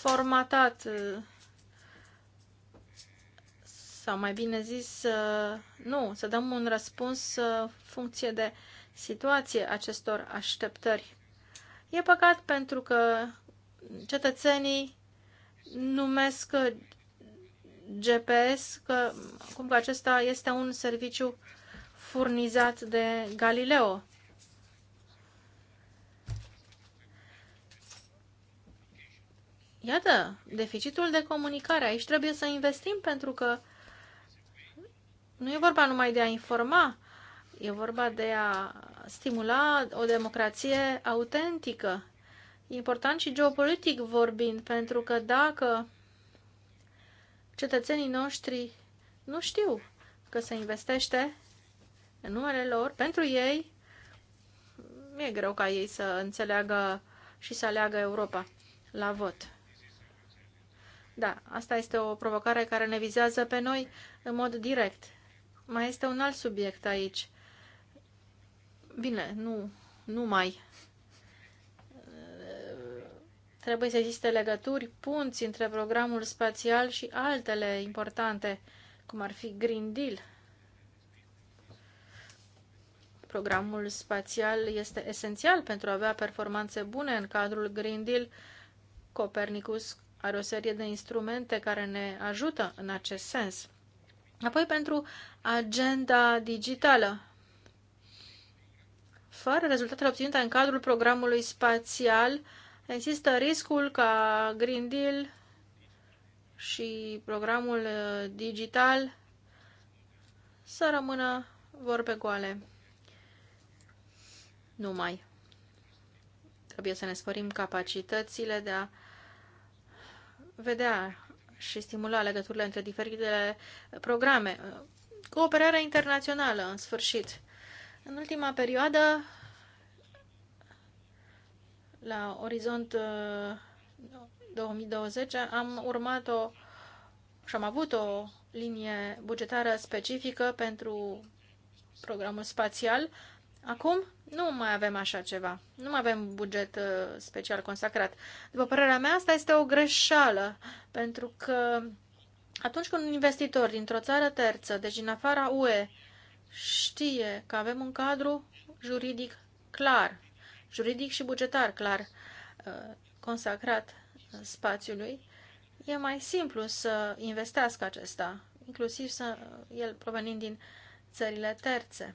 formatat sau mai bine zis, nu, să dăm un răspuns funcție de situație acestor așteptări. E păcat pentru că cetățenii numesc GPS, că, cum că acesta este un serviciu furnizat de Galileo. Iată, deficitul de comunicare. Aici trebuie să investim pentru că nu e vorba numai de a informa, e vorba de a stimula o democrație autentică. E important și geopolitic vorbind, pentru că dacă cetățenii noștri nu știu că se investește în numele lor, pentru ei e greu ca ei să înțeleagă și să aleagă Europa la vot. Da, asta este o provocare care ne vizează pe noi în mod direct. Mai este un alt subiect aici. Bine, nu, nu mai. Trebuie să existe legături, punți între programul spațial și altele importante, cum ar fi Green Deal. Programul spațial este esențial pentru a avea performanțe bune în cadrul Green Deal, Copernicus, are o serie de instrumente care ne ajută în acest sens. Apoi pentru agenda digitală. Fără rezultatele obținute în cadrul programului spațial, există riscul ca Green Deal și programul uh, digital să rămână vorbe goale. Numai. Trebuie să ne sporim capacitățile de a vedea și stimula legăturile între diferitele programe. Cooperarea internațională, în sfârșit. În ultima perioadă, la Orizont 2020, uh, am urmat o și am avut o linie bugetară specifică pentru programul spațial, Acum nu mai avem așa ceva. Nu mai avem buget uh, special consacrat. După părerea mea, asta este o greșeală, pentru că atunci când un investitor dintr-o țară terță, deci din afara UE, știe că avem un cadru juridic clar, juridic și bugetar clar, uh, consacrat spațiului, e mai simplu să investească acesta, inclusiv să, uh, el provenind din țările terțe.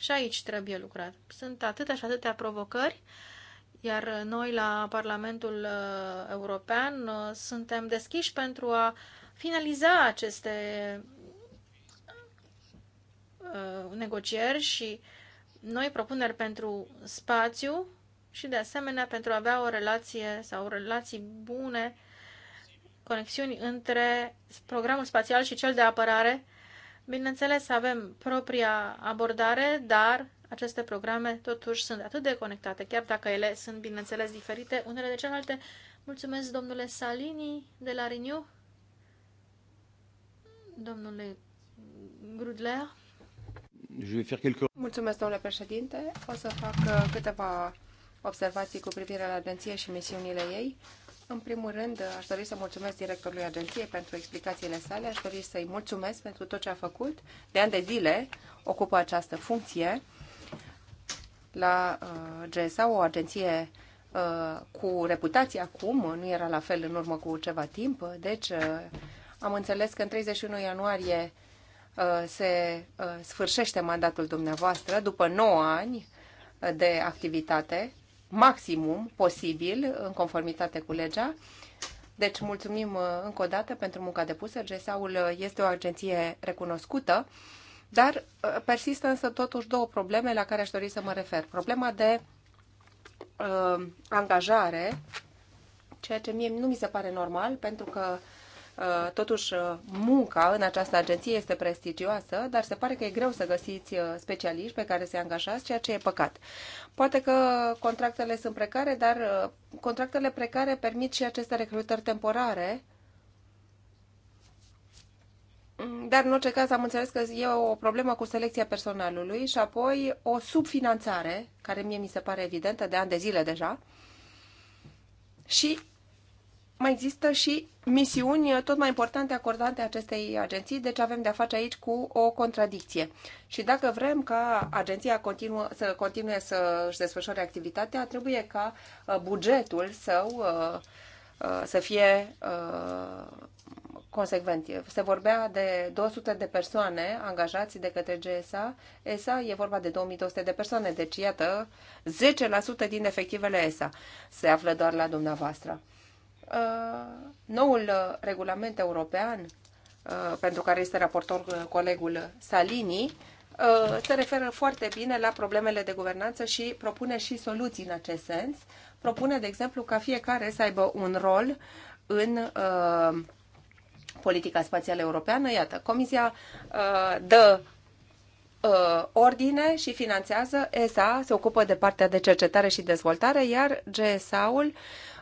Și aici trebuie lucrat. Sunt atâtea și atâtea provocări, iar noi la Parlamentul uh, European uh, suntem deschiși pentru a finaliza aceste uh, negocieri și noi propuneri pentru spațiu și de asemenea pentru a avea o relație sau relații bune, conexiuni între programul spațial și cel de apărare Bineînțeles, avem propria abordare, dar aceste programe totuși sunt atât de conectate, chiar dacă ele sunt, bineînțeles, diferite unele de celelalte. Mulțumesc, domnule Salini de la Renew, domnule Grudlea. Mulțumesc, domnule președinte. O să fac uh, câteva observații cu privire la agenție și misiunile ei. În primul rând, aș dori să mulțumesc directorului agenției pentru explicațiile sale. Aș dori să-i mulțumesc pentru tot ce a făcut. De ani de zile ocupă această funcție la uh, GSA, o agenție uh, cu reputație acum, nu era la fel în urmă cu ceva timp, deci uh, am înțeles că în 31 ianuarie se sfârșește mandatul dumneavoastră după 9 ani de activitate maximum posibil în conformitate cu legea. Deci mulțumim uh, încă o dată pentru munca depusă. GSA-ul uh, este o agenție recunoscută, dar uh, persistă însă totuși două probleme la care aș dori să mă refer. Problema de uh, angajare, ceea ce mie nu mi se pare normal, pentru că uh, Uh, totuși, uh, munca în această agenție este prestigioasă, dar se pare că e greu să găsiți uh, specialiști pe care să-i angajați, ceea ce e păcat. Poate că contractele sunt precare, dar contractele precare permit și aceste recrutări temporare. Mm, dar, în orice caz, am înțeles că e o problemă cu selecția personalului și apoi o subfinanțare, care mie mi se pare evidentă de ani de zile deja, și mai există și misiuni tot mai importante acordate acestei agenții, deci avem de-a face aici cu o contradicție. Și dacă vrem ca agenția continuă, să continue să își desfășoare activitatea, trebuie ca uh, bugetul său uh, uh, să fie consecvent. Se vorbea de 200 de persoane angajați de către GSA. ESA e vorba de 2200 de persoane, deci iată, 10% din efectivele ESA se află doar la dumneavoastră. Uh, noul uh, regulament european uh, pentru care este raportor colegul Salini, se referă foarte bine la problemele de guvernanță și propune și soluții în acest sens. Propune, de exemplu, ca fiecare să aibă un rol în politica spațială europeană. Iată, Comisia dă ordine și finanțează ESA, se ocupă de partea de cercetare și dezvoltare, iar GSA-ul uh,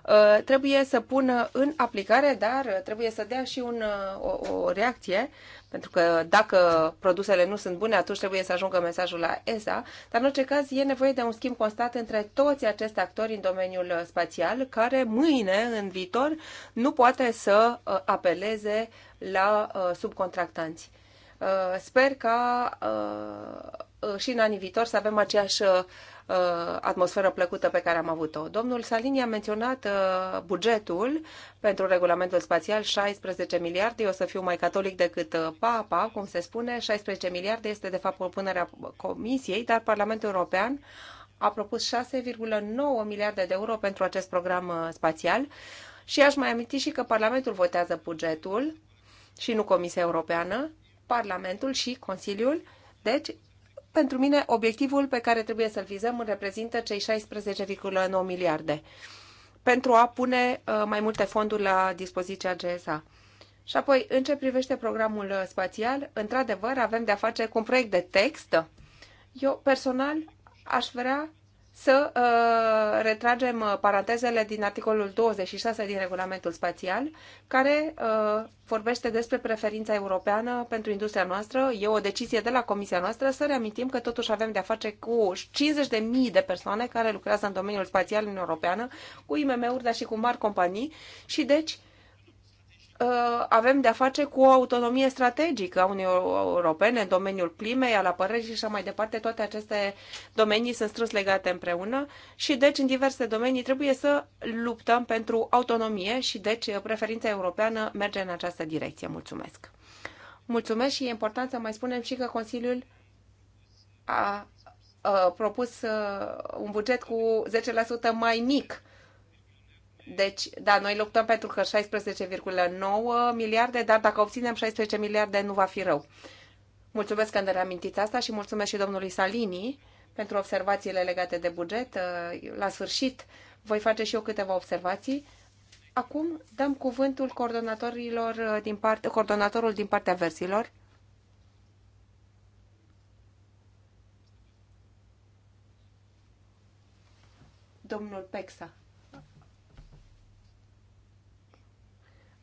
Uh, trebuie să pună în aplicare, dar trebuie să dea și un, uh, o, o reacție, pentru că dacă produsele nu sunt bune, atunci trebuie să ajungă mesajul la ESA, dar în orice caz e nevoie de un schimb constat între toți acești actori în domeniul uh, spațial, care mâine, în viitor, nu poate să apeleze la subcontractanți Uh, sper ca uh, uh, și în anii viitori să avem aceeași atmosferă plăcută pe care am avut-o. Domnul Salini a menționat bugetul pentru regulamentul spațial, 16 miliarde, eu o să fiu mai catolic decât Papa, cum se spune, 16 miliarde este de fapt propunerea Comisiei, dar Parlamentul European a propus 6,9 miliarde de euro pentru acest program spațial și aș mai aminti și că Parlamentul votează bugetul și nu Comisia Europeană Parlamentul și Consiliul. Deci, pentru mine, obiectivul pe care trebuie să-l vizăm îl reprezintă cei 16,9 miliarde pentru a pune uh, mai multe fonduri la dispoziția GSA. Și apoi, în ce privește programul spațial, într-adevăr, avem de-a face cu un proiect de text. Eu, personal, aș vrea să uh, retragem uh, parantezele din articolul 26 din regulamentul spațial, care uh, vorbește despre preferința europeană pentru industria noastră. E o decizie de la Comisia noastră să reamintim că totuși avem de-a face cu 50.000 de persoane care lucrează în domeniul spațial în Europeană, cu IMM-uri, dar și cu mari companii și deci Uh, avem de-a face cu o autonomie strategică a Uniunii Europene în domeniul climei, al apărării și așa mai departe. Toate aceste domenii sunt strâns legate împreună și deci în diverse domenii trebuie să luptăm pentru autonomie și deci preferința europeană merge în această direcție. Mulțumesc! Mulțumesc și e important să mai spunem și că Consiliul a propus uh, un buget cu 10% mai mic deci, da, noi luptăm pentru că 16,9 miliarde, dar dacă obținem 16 miliarde nu va fi rău. Mulțumesc că ne reamintiți asta și mulțumesc și domnului Salini pentru observațiile legate de buget. La sfârșit voi face și eu câteva observații. Acum dăm cuvântul coordonatorilor din parte, coordonatorul din partea versilor. Domnul Pexa.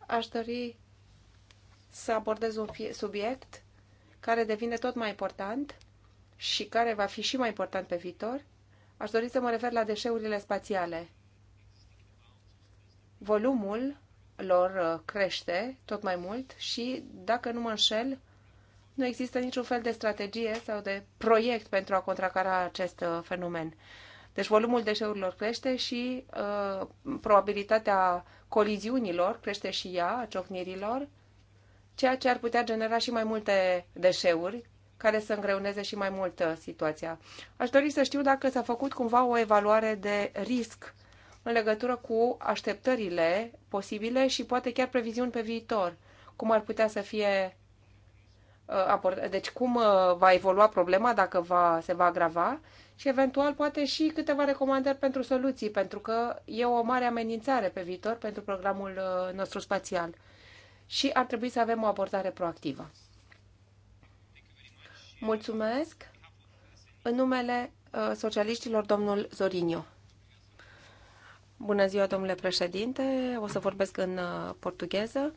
aș dori să abordez un subiect care devine tot mai important și care va fi și mai important pe viitor. Aș dori să mă refer la deșeurile spațiale. Volumul lor uh, crește tot mai mult și, dacă nu mă înșel, nu există niciun fel de strategie sau de proiect pentru a contracara acest uh, fenomen. Deci volumul deșeurilor crește și uh, probabilitatea coliziunilor crește și ea, a ciocnirilor, ceea ce ar putea genera și mai multe deșeuri care să îngreuneze și mai mult uh, situația. Aș dori să știu dacă s-a făcut cumva o evaluare de risc în legătură cu așteptările posibile și poate chiar previziuni pe viitor. Cum ar putea să fie uh, deci cum uh, va evolua problema, dacă va, se va agrava și eventual poate și câteva recomandări pentru soluții, pentru că e o mare amenințare pe viitor pentru programul uh, nostru spațial și ar trebui să avem o abordare proactivă. Mulțumesc! În numele uh, socialiștilor, domnul Zorinio. Bună ziua, domnule președinte. O să vorbesc în uh, portugheză.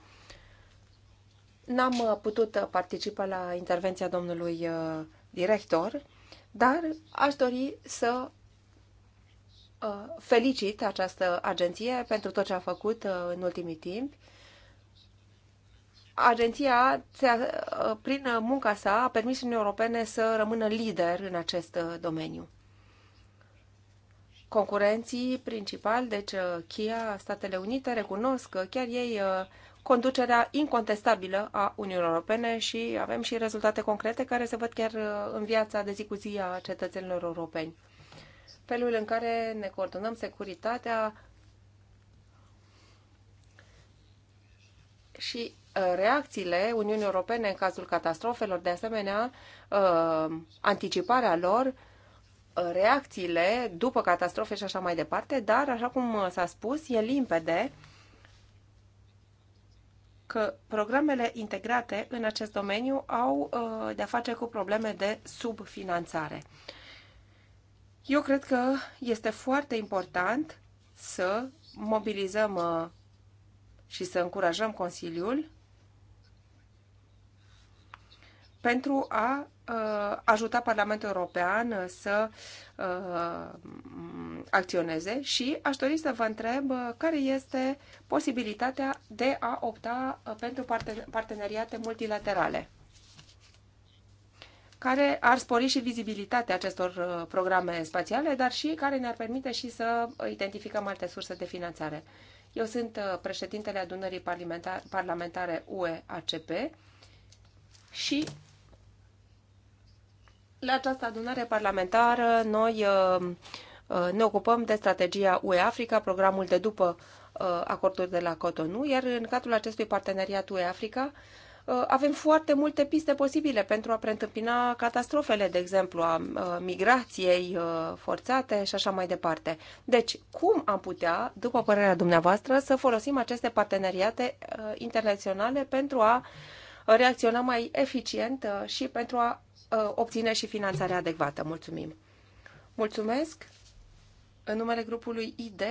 N-am putut participa la intervenția domnului director, dar aș dori să uh, felicit această agenție pentru tot ce a făcut uh, în ultimii timp. Agenția, uh, prin munca sa, a permis Uniunii Europene să rămână lider în acest domeniu. Concurenții principali, deci Kia, Statele Unite, recunosc că chiar ei conducerea incontestabilă a Uniunii Europene și avem și rezultate concrete care se văd chiar uh, în viața de zi cu zi a cetățenilor europeni. Felul în care ne coordonăm securitatea și uh, reacțiile Uniunii Europene în cazul catastrofelor, de asemenea, uh, anticiparea lor, reacțiile după catastrofe și așa mai departe, dar, așa cum s-a spus, e limpede că programele integrate în acest domeniu au uh, de-a face cu probleme de subfinanțare. Eu cred că este foarte important să mobilizăm uh, și să încurajăm Consiliul pentru a uh, ajuta Parlamentul European să uh, acționeze și aș dori să vă întreb uh, care este posibilitatea de a opta pentru parteneriate multilaterale care ar spori și vizibilitatea acestor programe spațiale, dar și care ne-ar permite și să identificăm alte surse de finanțare. Eu sunt președintele adunării parlamentare UE-ACP și la această adunare parlamentară noi uh, uh, ne ocupăm de strategia UE-Africa, programul de după uh, acordul de la Cotonou, iar în cadrul acestui parteneriat UE-Africa avem foarte multe piste posibile pentru a preîntâmpina catastrofele, de exemplu, a migrației forțate și așa mai departe. Deci, cum am putea, după părerea dumneavoastră, să folosim aceste parteneriate internaționale pentru a reacționa mai eficient și pentru a Uh, obține și finanțarea adecvată. Mulțumim! Mulțumesc! În numele grupului ID,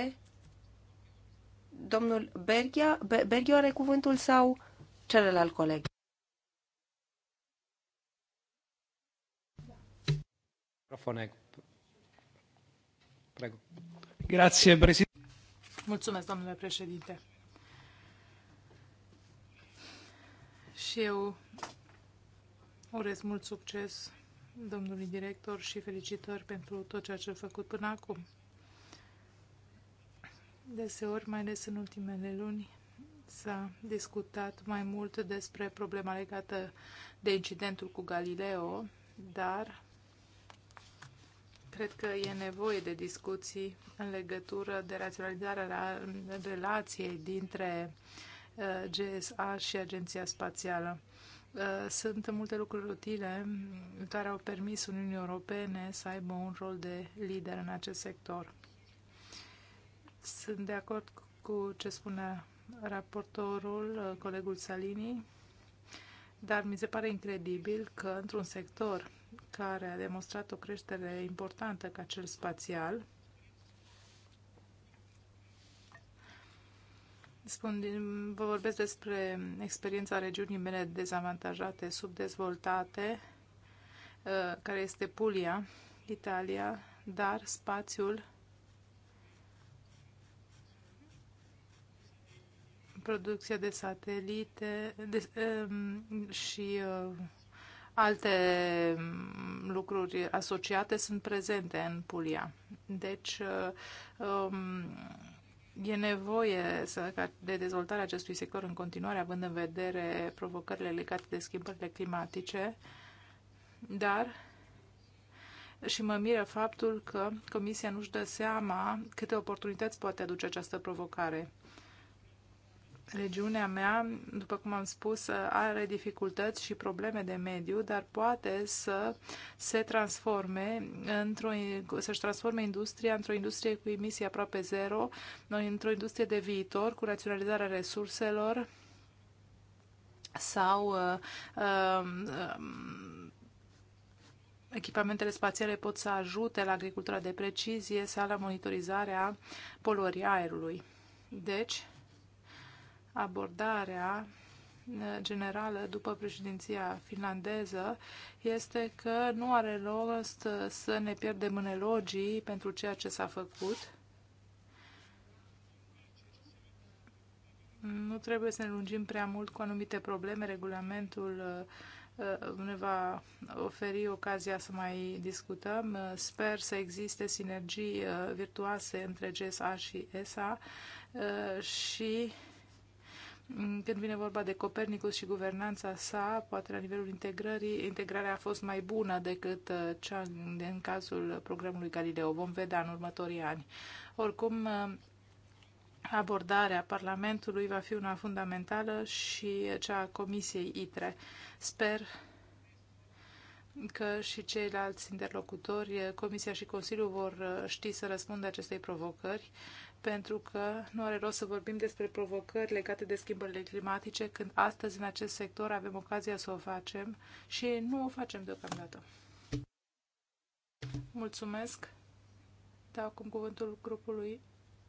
domnul Berghia, Berghia are cuvântul sau celălalt coleg? Grazie, Mulțumesc, domnule președinte. Și eu Urez mult succes domnului director și felicitări pentru tot ceea ce a făcut până acum. Deseori, mai ales în ultimele luni, s-a discutat mai mult despre problema legată de incidentul cu Galileo, dar cred că e nevoie de discuții în legătură de raționalizarea relației dintre uh, GSA și Agenția Spațială Uh, sunt multe lucruri utile care au permis Uniunii Europene să aibă un rol de lider în acest sector. Sunt de acord cu ce spunea raportorul, uh, colegul Salini, dar mi se pare incredibil că într-un sector care a demonstrat o creștere importantă ca cel spațial, Spun, vă vorbesc despre experiența regiunii mele dezavantajate, subdezvoltate, uh, care este Puglia, Italia, dar spațiul producția de satelite de, um, și uh, alte um, lucruri asociate sunt prezente în Puglia. Deci, uh, um, E nevoie să, de dezvoltarea acestui sector în continuare, având în vedere provocările legate de schimbările climatice, dar și mă miră faptul că Comisia nu-și dă seama câte oportunități poate aduce această provocare. Regiunea mea, după cum am spus, are dificultăți și probleme de mediu, dar poate să se transforme într-o, să-și transforme industria într-o industrie cu emisii aproape zero, într-o industrie de viitor, cu raționalizarea resurselor sau uh, uh, uh, echipamentele spațiale pot să ajute la agricultura de precizie sau la monitorizarea poluării aerului. Deci, abordarea uh, generală după președinția finlandeză este că nu are rost uh, să ne pierdem în elogii pentru ceea ce s-a făcut. Nu trebuie să ne lungim prea mult cu anumite probleme. Regulamentul uh, ne va oferi ocazia să mai discutăm. Sper să existe sinergii virtuoase între GSA și ESA și când vine vorba de Copernicus și guvernanța sa, poate la nivelul integrării, integrarea a fost mai bună decât uh, cea în cazul programului Galileo. Vom vedea în următorii ani. Oricum, uh, abordarea Parlamentului va fi una fundamentală și cea a Comisiei ITRE. Sper că și ceilalți interlocutori, Comisia și Consiliul vor uh, ști să răspundă acestei provocări pentru că nu are rost să vorbim despre provocări legate de schimbările climatice, când astăzi în acest sector avem ocazia să o facem și nu o facem deocamdată. Mulțumesc. Dau acum cuvântul grupului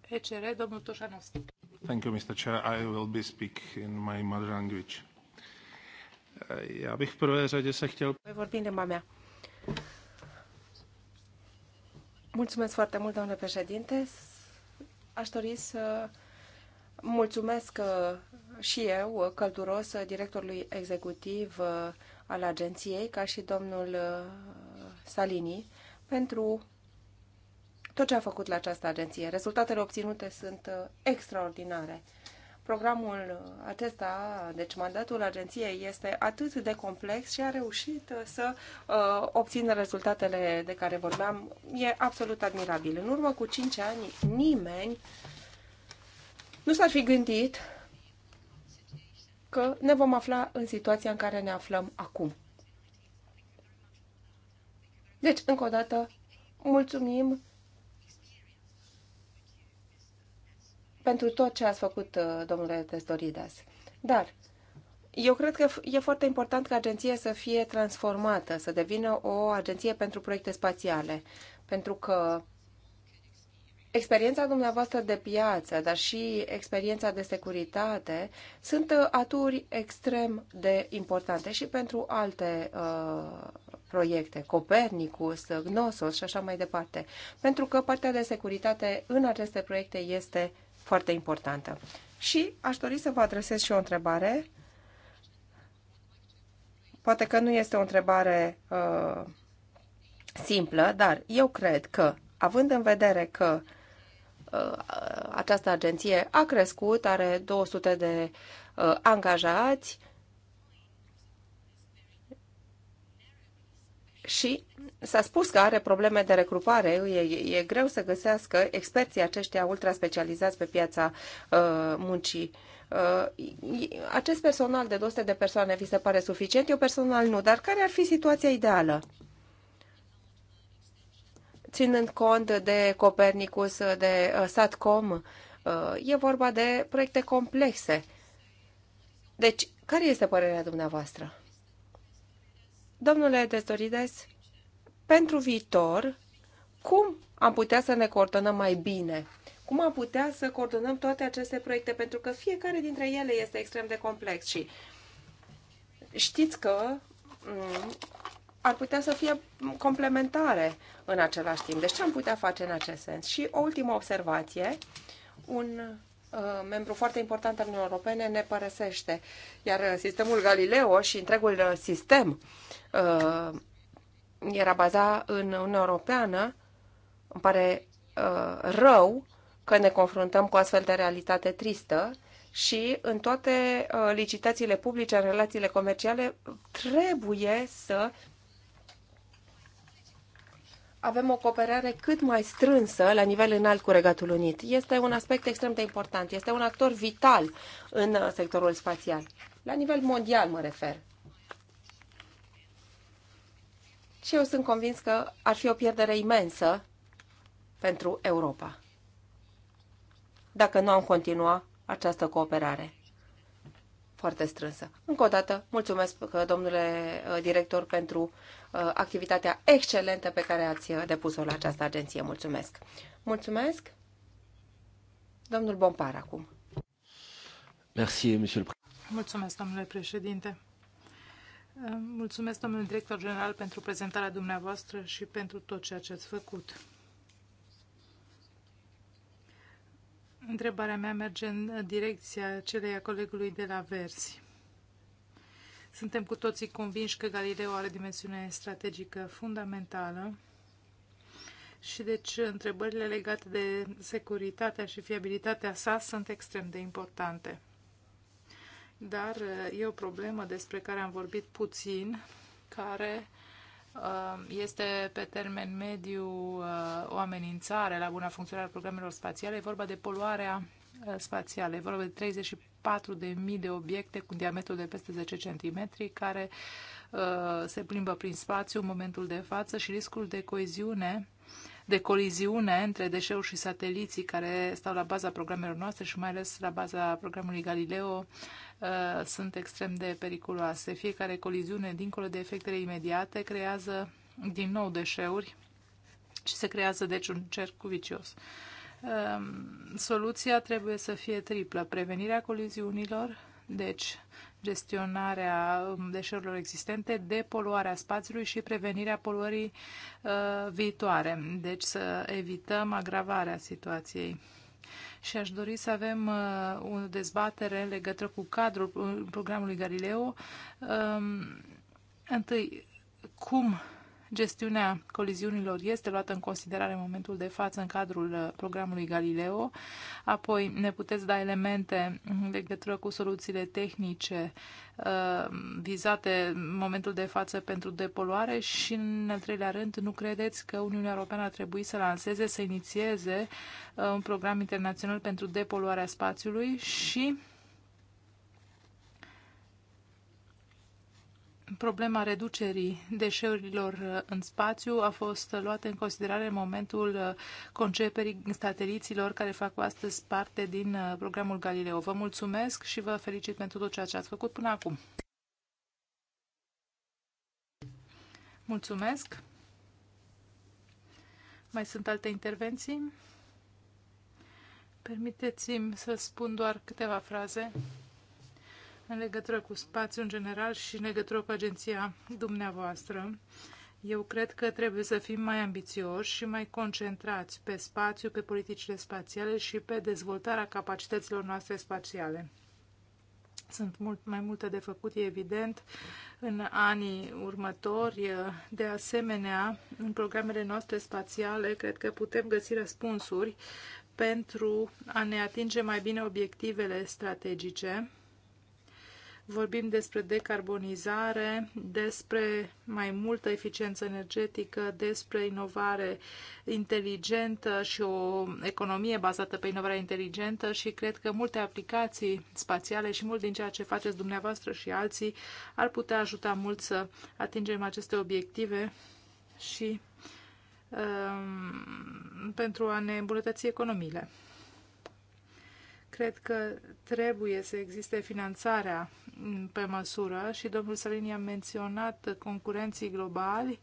ECR, domnul Toșanovski. Thank you, Mr. Chair. I will be speak in my mother language. Eh, já bych v prvé řadě se chtěl... Vorbim de mea. Mulțumesc foarte mult, domnule președinte. Aș dori să mulțumesc uh, și eu uh, călduros uh, directorului executiv al agenției, ca și domnul Salini, pentru tot ce a făcut la această agenție. Rezultatele obținute sunt extraordinare programul acesta, deci mandatul agenției este atât de complex și a reușit să uh, obțină rezultatele de care vorbeam. E absolut admirabil. În urmă cu 5 ani, nimeni nu s-ar fi gândit că ne vom afla în situația în care ne aflăm acum. Deci, încă o dată, mulțumim pentru tot ce ați făcut, uh, domnule Tesdoridas. Dar eu cred că e foarte important ca agenția să fie transformată, să devină o agenție pentru proiecte spațiale, pentru că experiența dumneavoastră de piață, dar și experiența de securitate sunt uh, aturi extrem de importante și pentru alte uh, proiecte, Copernicus, Gnosos și așa mai departe, pentru că partea de securitate în aceste proiecte este uh, foarte importantă. Și aș dori să vă adresez și o întrebare. Poate că nu este o întrebare uh, simplă, dar eu cred că, având în vedere că uh, această agenție a crescut, are 200 de uh, angajați, și s-a spus că are probleme de recrupare, e, e greu să găsească experții aceștia ultra specializați pe piața uh, muncii. Uh, acest personal de 200 de persoane vi se pare suficient? Eu personal nu, dar care ar fi situația ideală? Ținând cont de Copernicus, de uh, SATCOM, uh, e vorba de proiecte complexe. Deci, care este părerea dumneavoastră? Domnule Testorides, pentru viitor, cum am putea să ne coordonăm mai bine? Cum am putea să coordonăm toate aceste proiecte? Pentru că fiecare dintre ele este extrem de complex și știți că mm, ar putea să fie complementare în același timp. Deci ce am putea face în acest sens? Și o ultimă observație, un Uh, membru foarte important al Uniunii Europene ne părăsește. Iar uh, sistemul Galileo și întregul uh, sistem era bazat în Uniunea Europeană. Îmi pare rău că ne confruntăm cu astfel de realitate tristă și în toate licitațiile publice, în relațiile comerciale, trebuie să avem o cooperare cât mai strânsă la nivel înalt cu Regatul Unit. Este un aspect extrem de important. Este un actor vital în uh, sectorul spațial. La nivel mondial mă refer. Și eu sunt convins că ar fi o pierdere imensă pentru Europa dacă nu am continua această cooperare foarte strânsă. Încă o dată, mulțumesc, uh, domnule uh, director, pentru uh, activitatea excelentă pe care ați depus-o la această agenție. Mulțumesc! Mulțumesc! Domnul Bompar acum. Merci, monsieur le Mulțumesc, domnule președinte. Mulțumesc, domnule director general, pentru prezentarea dumneavoastră și pentru tot ceea ce ați făcut. Întrebarea mea merge în direcția celei a colegului de la Versi. Suntem cu toții convinși că Galileo are dimensiune strategică fundamentală și deci întrebările legate de securitatea și fiabilitatea sa sunt extrem de importante. Dar e o problemă despre care am vorbit puțin, care Um, este pe termen mediu uh, o amenințare la buna funcționare a programelor spațiale. E vorba de poluarea uh, spațială. E vorba de 34.000 de obiecte cu diametru de peste 10 cm care uh, se plimbă prin spațiu în momentul de față și riscul de coeziune de coliziune între deșeuri și sateliții care stau la baza programelor noastre și mai ales la baza programului Galileo uh, sunt extrem de periculoase. Fiecare coliziune, dincolo de efectele imediate, creează din nou deșeuri și se creează deci un cerc vicios. Um, soluția trebuie să fie triplă. Prevenirea coliziunilor, deci gestionarea um, deșeurilor existente, depoluarea spațiului și prevenirea poluării uh, viitoare. Deci să evităm agravarea situației. Și aș dori să avem uh, o dezbatere în legătură cu cadrul uh, programului Galileo. Um, întâi, cum Gestiunea coliziunilor este luată în considerare în momentul de față în cadrul uh, programului Galileo. Apoi ne puteți da elemente în legătură cu soluțiile tehnice uh, vizate în momentul de față pentru depoluare și, în al treilea rând, nu credeți că Uniunea Europeană ar trebui să lanseze, să inițieze uh, un program internațional pentru depoluarea spațiului și problema reducerii deșeurilor uh, în spațiu a fost uh, luată în considerare în momentul uh, conceperii sateliților care fac astăzi parte din programul Galileo. Vă mulțumesc și vă felicit pentru tot ceea ce ați făcut până acum. Mulțumesc. Mai sunt alte intervenții? Permiteți-mi să spun doar câteva fraze în legătură cu spațiul în general și în legătură cu agenția dumneavoastră. Eu cred că trebuie să fim mai ambițioși și mai concentrați pe spațiu, pe politicile spațiale și pe dezvoltarea capacităților noastre spațiale. Sunt mult, mai multe de făcut, e evident, în anii următori. De asemenea, în programele noastre spațiale, cred că putem găsi răspunsuri pentru a ne atinge mai bine obiectivele strategice vorbim despre decarbonizare, despre mai multă eficiență energetică, despre inovare inteligentă și o economie bazată pe inovare inteligentă și cred că multe aplicații spațiale și mult din ceea ce faceți dumneavoastră și alții ar putea ajuta mult să atingem aceste obiective și um, pentru a ne îmbunătăți economiile. Cred că trebuie să existe finanțarea pe măsură și domnul Salini a menționat concurenții globali,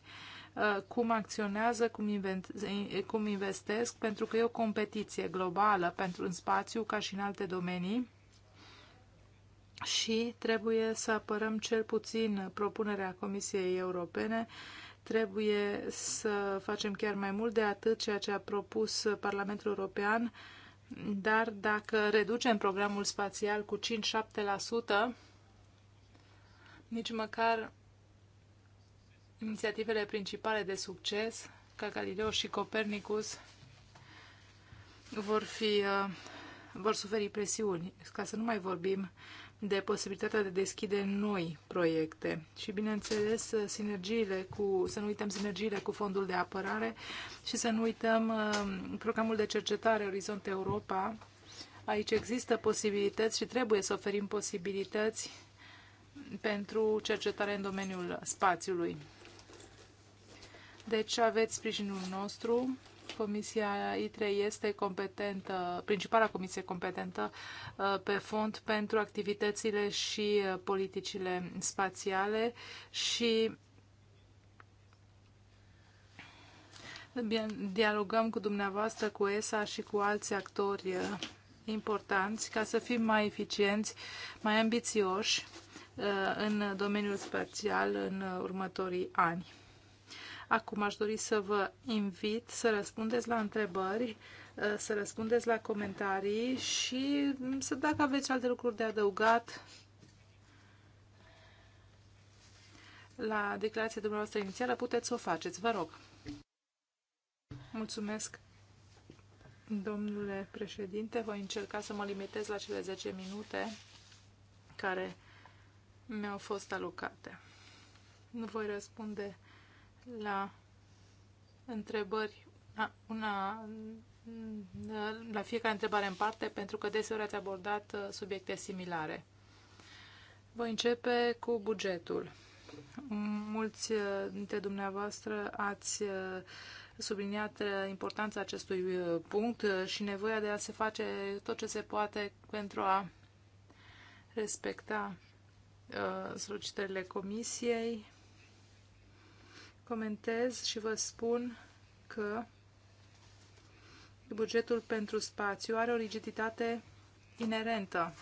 uh, cum acționează, cum investesc, pentru că e o competiție globală pentru în spațiu ca și în alte domenii și trebuie să apărăm cel puțin propunerea Comisiei Europene trebuie să facem chiar mai mult de atât ceea ce a propus Parlamentul European dar dacă reducem programul spațial cu 5-7%, nici măcar inițiativele principale de succes, ca Galileo și Copernicus, vor, fi, uh, vor suferi presiuni, ca să nu mai vorbim de posibilitatea de deschide noi proiecte și, bineînțeles, sinergiile cu, să nu uităm sinergiile cu fondul de apărare și să nu uităm uh, programul de cercetare Orizont Europa. Aici există posibilități și trebuie să oferim posibilități pentru cercetare în domeniul spațiului. Deci aveți sprijinul nostru Comisia ITRE este competentă, principala comisie competentă uh, pe fond pentru activitățile și uh, politicile spațiale și dialogăm cu dumneavoastră, cu ESA și cu alți actori uh, importanți ca să fim mai eficienți, mai ambițioși în domeniul spațial în următorii ani. Acum aș dori să vă invit să răspundeți la întrebări, uh, să răspundeți la comentarii și mm, să dacă aveți alte lucruri de adăugat la declarația dumneavoastră inițială, puteți să o faceți. Vă rog. Mulțumesc. Domnule președinte, voi încerca să mă limitez la cele 10 minute care mi-au fost alocate. Nu voi răspunde la întrebări, una, una, la fiecare întrebare în parte, pentru că deseori ați abordat uh, subiecte similare. Voi începe cu bugetul. Mulți uh, dintre dumneavoastră ați uh, subliniat importanța acestui punct și nevoia de a se face tot ce se poate pentru a respecta solicitările comisiei comentez și vă spun că bugetul pentru spațiu are o rigiditate inerentă.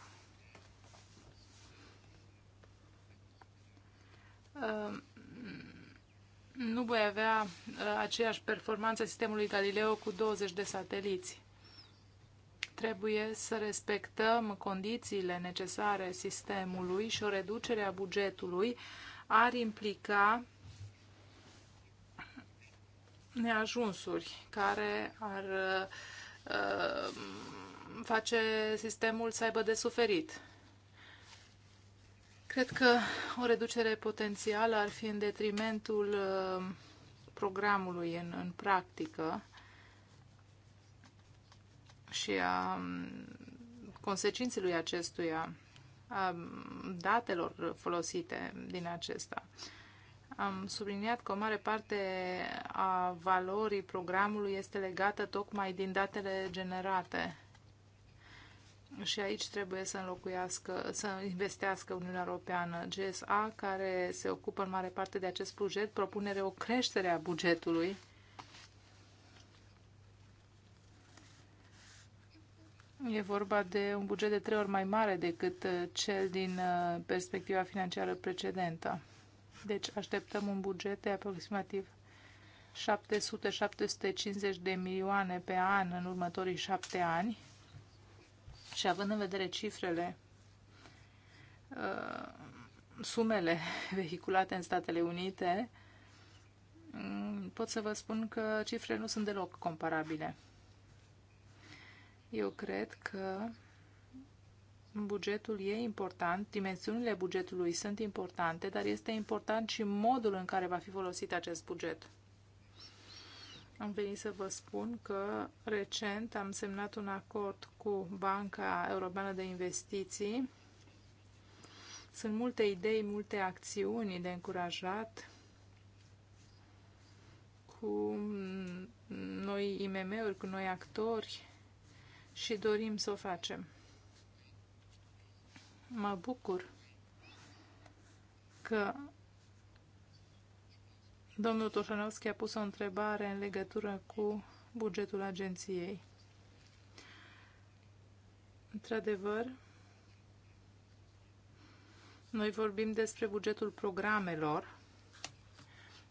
Nu voi avea uh, aceeași performanță sistemului Galileo cu 20 de sateliți. Trebuie să respectăm condițiile necesare sistemului și o reducere a bugetului ar implica neajunsuri care ar uh, face sistemul să aibă de suferit. Cred că o reducere potențială ar fi în detrimentul uh, programului în, în practică și a um, consecințelui acestuia, a um, datelor folosite din acesta. Uh, am subliniat că o mare parte a valorii programului este legată tocmai din datele generate. Și aici trebuie să înlocuiască, să investească Uniunea Europeană. GSA, care se ocupă în mare parte de acest buget, propune o creștere a bugetului. E vorba de un buget de trei ori mai mare decât uh, cel din uh, perspectiva financiară precedentă. Deci așteptăm un buget de aproximativ 700-750 de milioane pe an în următorii șapte ani și având în vedere cifrele, uh, sumele vehiculate în Statele Unite, mm, pot să vă spun că cifrele nu sunt deloc comparabile. Eu cred că bugetul e important, dimensiunile bugetului sunt importante, dar este important și modul în care va fi folosit acest buget. Am venit să vă spun că recent am semnat un acord cu Banca Europeană de Investiții. Sunt multe idei, multe acțiuni de încurajat cu noi IMM-uri, cu noi actori și dorim să o facem. Mă bucur că domnul Toșanovski a pus o întrebare în legătură cu bugetul agenției. Într-adevăr, noi vorbim despre bugetul programelor,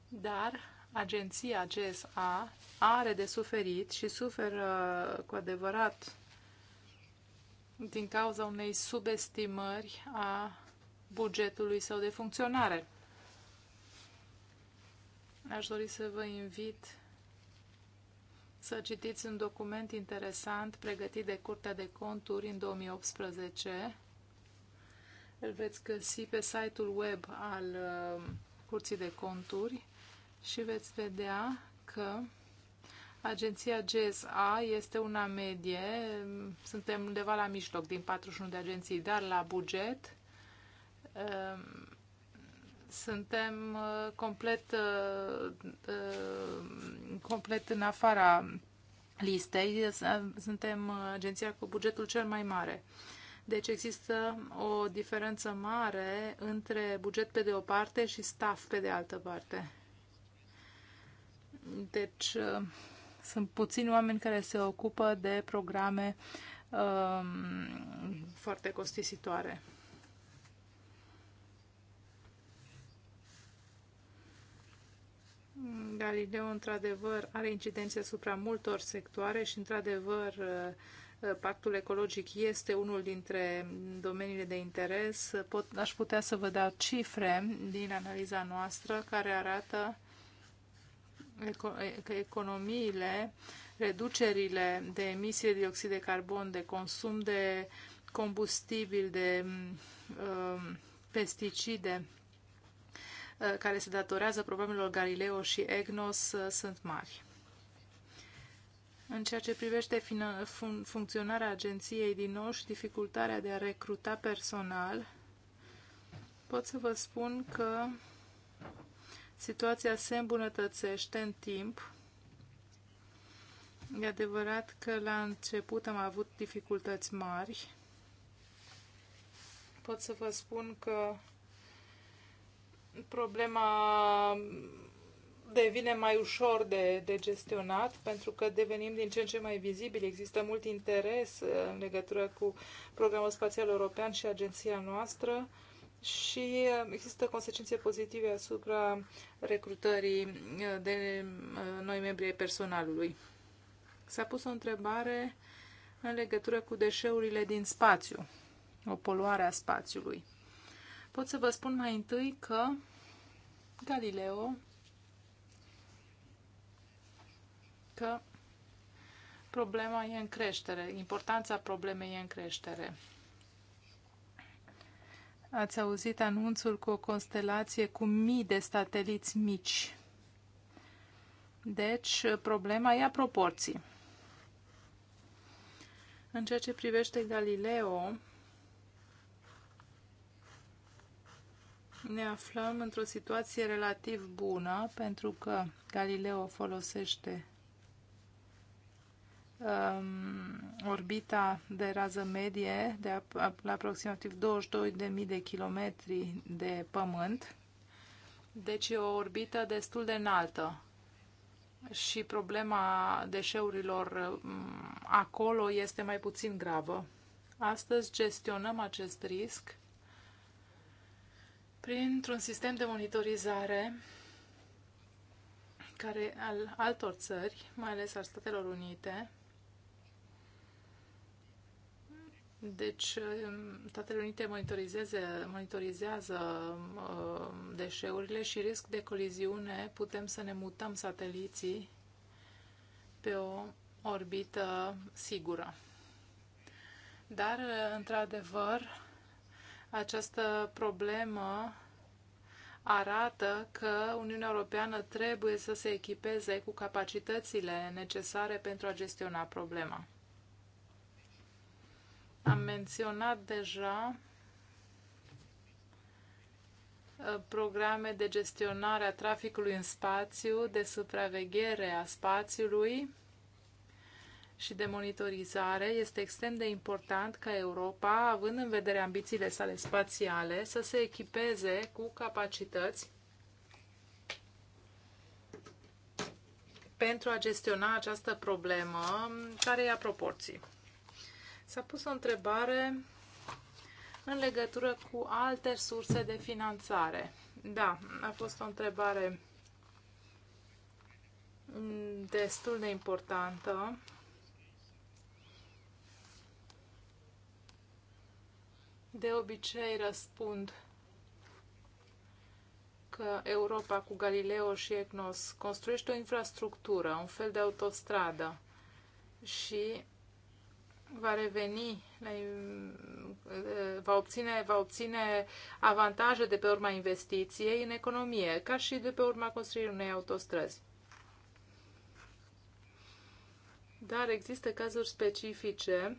dar agenția GSA are de suferit și suferă cu adevărat din cauza unei subestimări a bugetului său de funcționare. Aș dori să vă invit să citiți un document interesant pregătit de Curtea de Conturi în 2018. Îl veți găsi pe site-ul web al uh, Curții de Conturi și veți vedea că Agenția GSA este una medie, suntem undeva la mijloc din 41 de agenții, dar la buget um, suntem uh, complet, uh, uh, complet în afara listei, suntem agenția cu bugetul cel mai mare. Deci există o diferență mare între buget pe de o parte și staff pe de altă parte. Deci sunt puțini oameni care se ocupă de programe um, foarte costisitoare. Galileo, într-adevăr, are incidențe asupra multor sectoare și, într-adevăr, uh, uh, pactul ecologic este unul dintre domeniile de interes. Pot, aș putea să vă dau cifre din analiza noastră care arată că economiile, reducerile de emisie de dioxid de carbon, de consum de combustibil, de um, uh, pesticide, care se datorează problemelor Galileo și EGNOS, uh, sunt mari. În ceea ce privește fun funcționarea agenției din nou și dificultarea de a recruta personal, pot să vă spun că Situația se îmbunătățește în timp. E adevărat că la început am avut dificultăți mari. Pot să vă spun că problema devine mai ușor de, de gestionat pentru că devenim din ce în ce mai vizibili. Există mult interes în legătură cu programul spațial european și agenția noastră. Uh, și există consecințe pozitive asupra recrutării eh, de eh, noi membri ai personalului. S-a pus o întrebare în legătură cu deșeurile din spațiu, o poluare a spațiului. Pot să vă spun mai întâi că Galileo că problema e în creștere, importanța problemei e în creștere. Ați auzit anunțul cu o constelație cu mii de sateliți mici. Deci, problema ia proporții. În ceea ce privește Galileo, ne aflăm într-o situație relativ bună, pentru că Galileo folosește um, orbita de rază medie de la aproximativ 22.000 de kilometri de pământ. Deci e o orbită destul de înaltă și problema deșeurilor um, acolo este mai puțin gravă. Astăzi gestionăm acest risc printr-un sistem de monitorizare care al altor țări, mai ales al Statelor Unite, Deci, um, Statele Unite monitorizează, monitorizează um, deșeurile și risc de coliziune putem să ne mutăm sateliții pe o orbită sigură. Dar, într-adevăr, această problemă arată că Uniunea Europeană trebuie să se echipeze cu capacitățile necesare pentru a gestiona problema. Am menționat deja uh, programe de gestionare a traficului în spațiu, de supraveghere a spațiului și de monitorizare, este extrem de important ca Europa, având în vedere ambițiile sale spațiale, să se echipeze cu capacități pentru a gestiona această problemă care ia proporții. S-a pus o întrebare în legătură cu alte surse de finanțare. Da, a fost o întrebare destul de importantă. De obicei răspund că Europa cu Galileo și EGNOS construiește o infrastructură, un fel de autostradă și va reveni, va obține, va obține avantaje de pe urma investiției în economie, ca și de pe urma construirii unei autostrăzi. Dar există cazuri specifice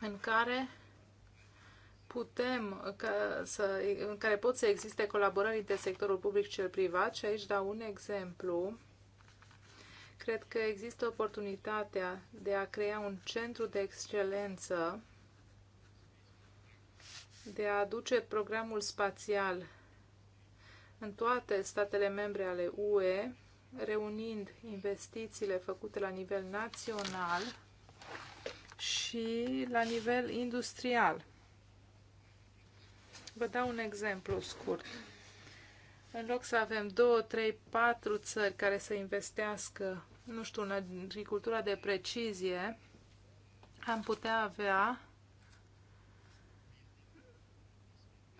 în care putem, ca să, în care pot să existe colaborări între sectorul public și cel privat și aici dau un exemplu Cred că există oportunitatea de a crea un centru de excelență, de a aduce programul spațial în toate statele membre ale UE, reunind investițiile făcute la nivel național și la nivel industrial. Vă dau un exemplu scurt. În loc să avem două, trei, patru țări care să investească, nu știu, în agricultura de precizie, am putea avea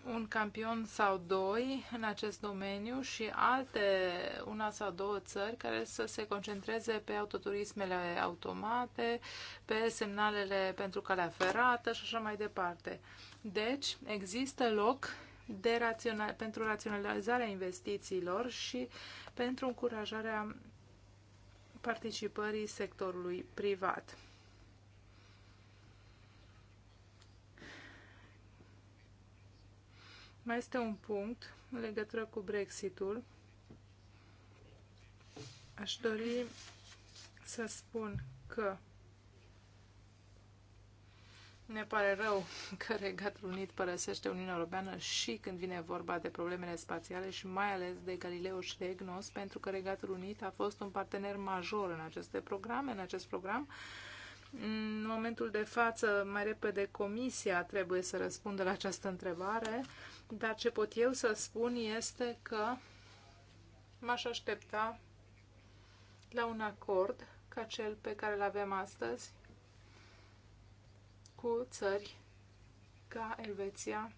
un campion sau doi în acest domeniu și alte una sau două țări care să se concentreze pe autoturismele automate, pe semnalele pentru calea ferată și așa mai departe. Deci, există loc de rațional, pentru raționalizarea investițiilor și pentru încurajarea participării sectorului privat. Mai este un punct în legătură cu Brexitul. Aș dori să spun că ne pare rău că Regatul Unit părăsește Uniunea Europeană și când vine vorba de problemele spațiale și mai ales de Galileo și de EGNOS, pentru că Regatul Unit a fost un partener major în aceste programe, în acest program. În momentul de față, mai repede, Comisia trebuie să răspundă la această întrebare, dar ce pot eu să spun este că m-aș aștepta la un acord ca cel pe care îl avem astăzi cu țări ca Elveția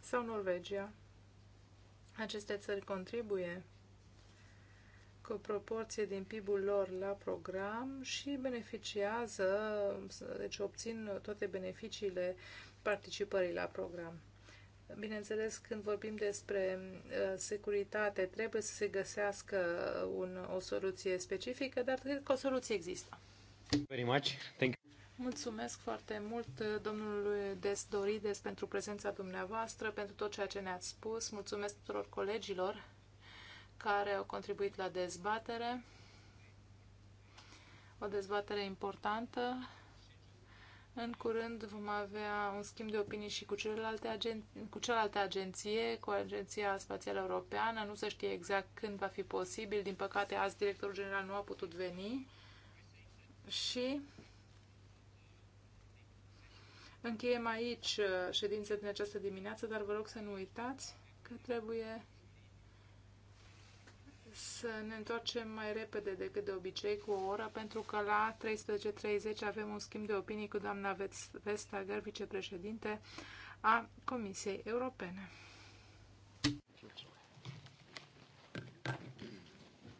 sau Norvegia. Aceste țări contribuie cu o proporție din PIB-ul lor la program și beneficiază, deci obțin toate beneficiile participării la program. Bineînțeles, când vorbim despre uh, securitate, trebuie să se găsească un, o soluție specifică, dar cred că o soluție există. Very much. Thank Mulțumesc foarte mult uh, domnului Des Dorides pentru prezența dumneavoastră, pentru tot ceea ce ne-ați spus. Mulțumesc tuturor colegilor care au contribuit la dezbatere. O dezbatere importantă. În curând vom avea un schimb de opinii și cu celelalte, agen cu celelalte agenție, cu Agenția Spațială Europeană. Nu se știe exact când va fi posibil. Din păcate, azi directorul general nu a putut veni. Și Încheiem aici uh, ședința din această dimineață, dar vă rog să nu uitați că trebuie să ne întoarcem mai repede decât de obicei cu o oră, pentru că la 13.30 avem un schimb de opinii cu doamna Vestager, vicepreședinte a Comisiei Europene.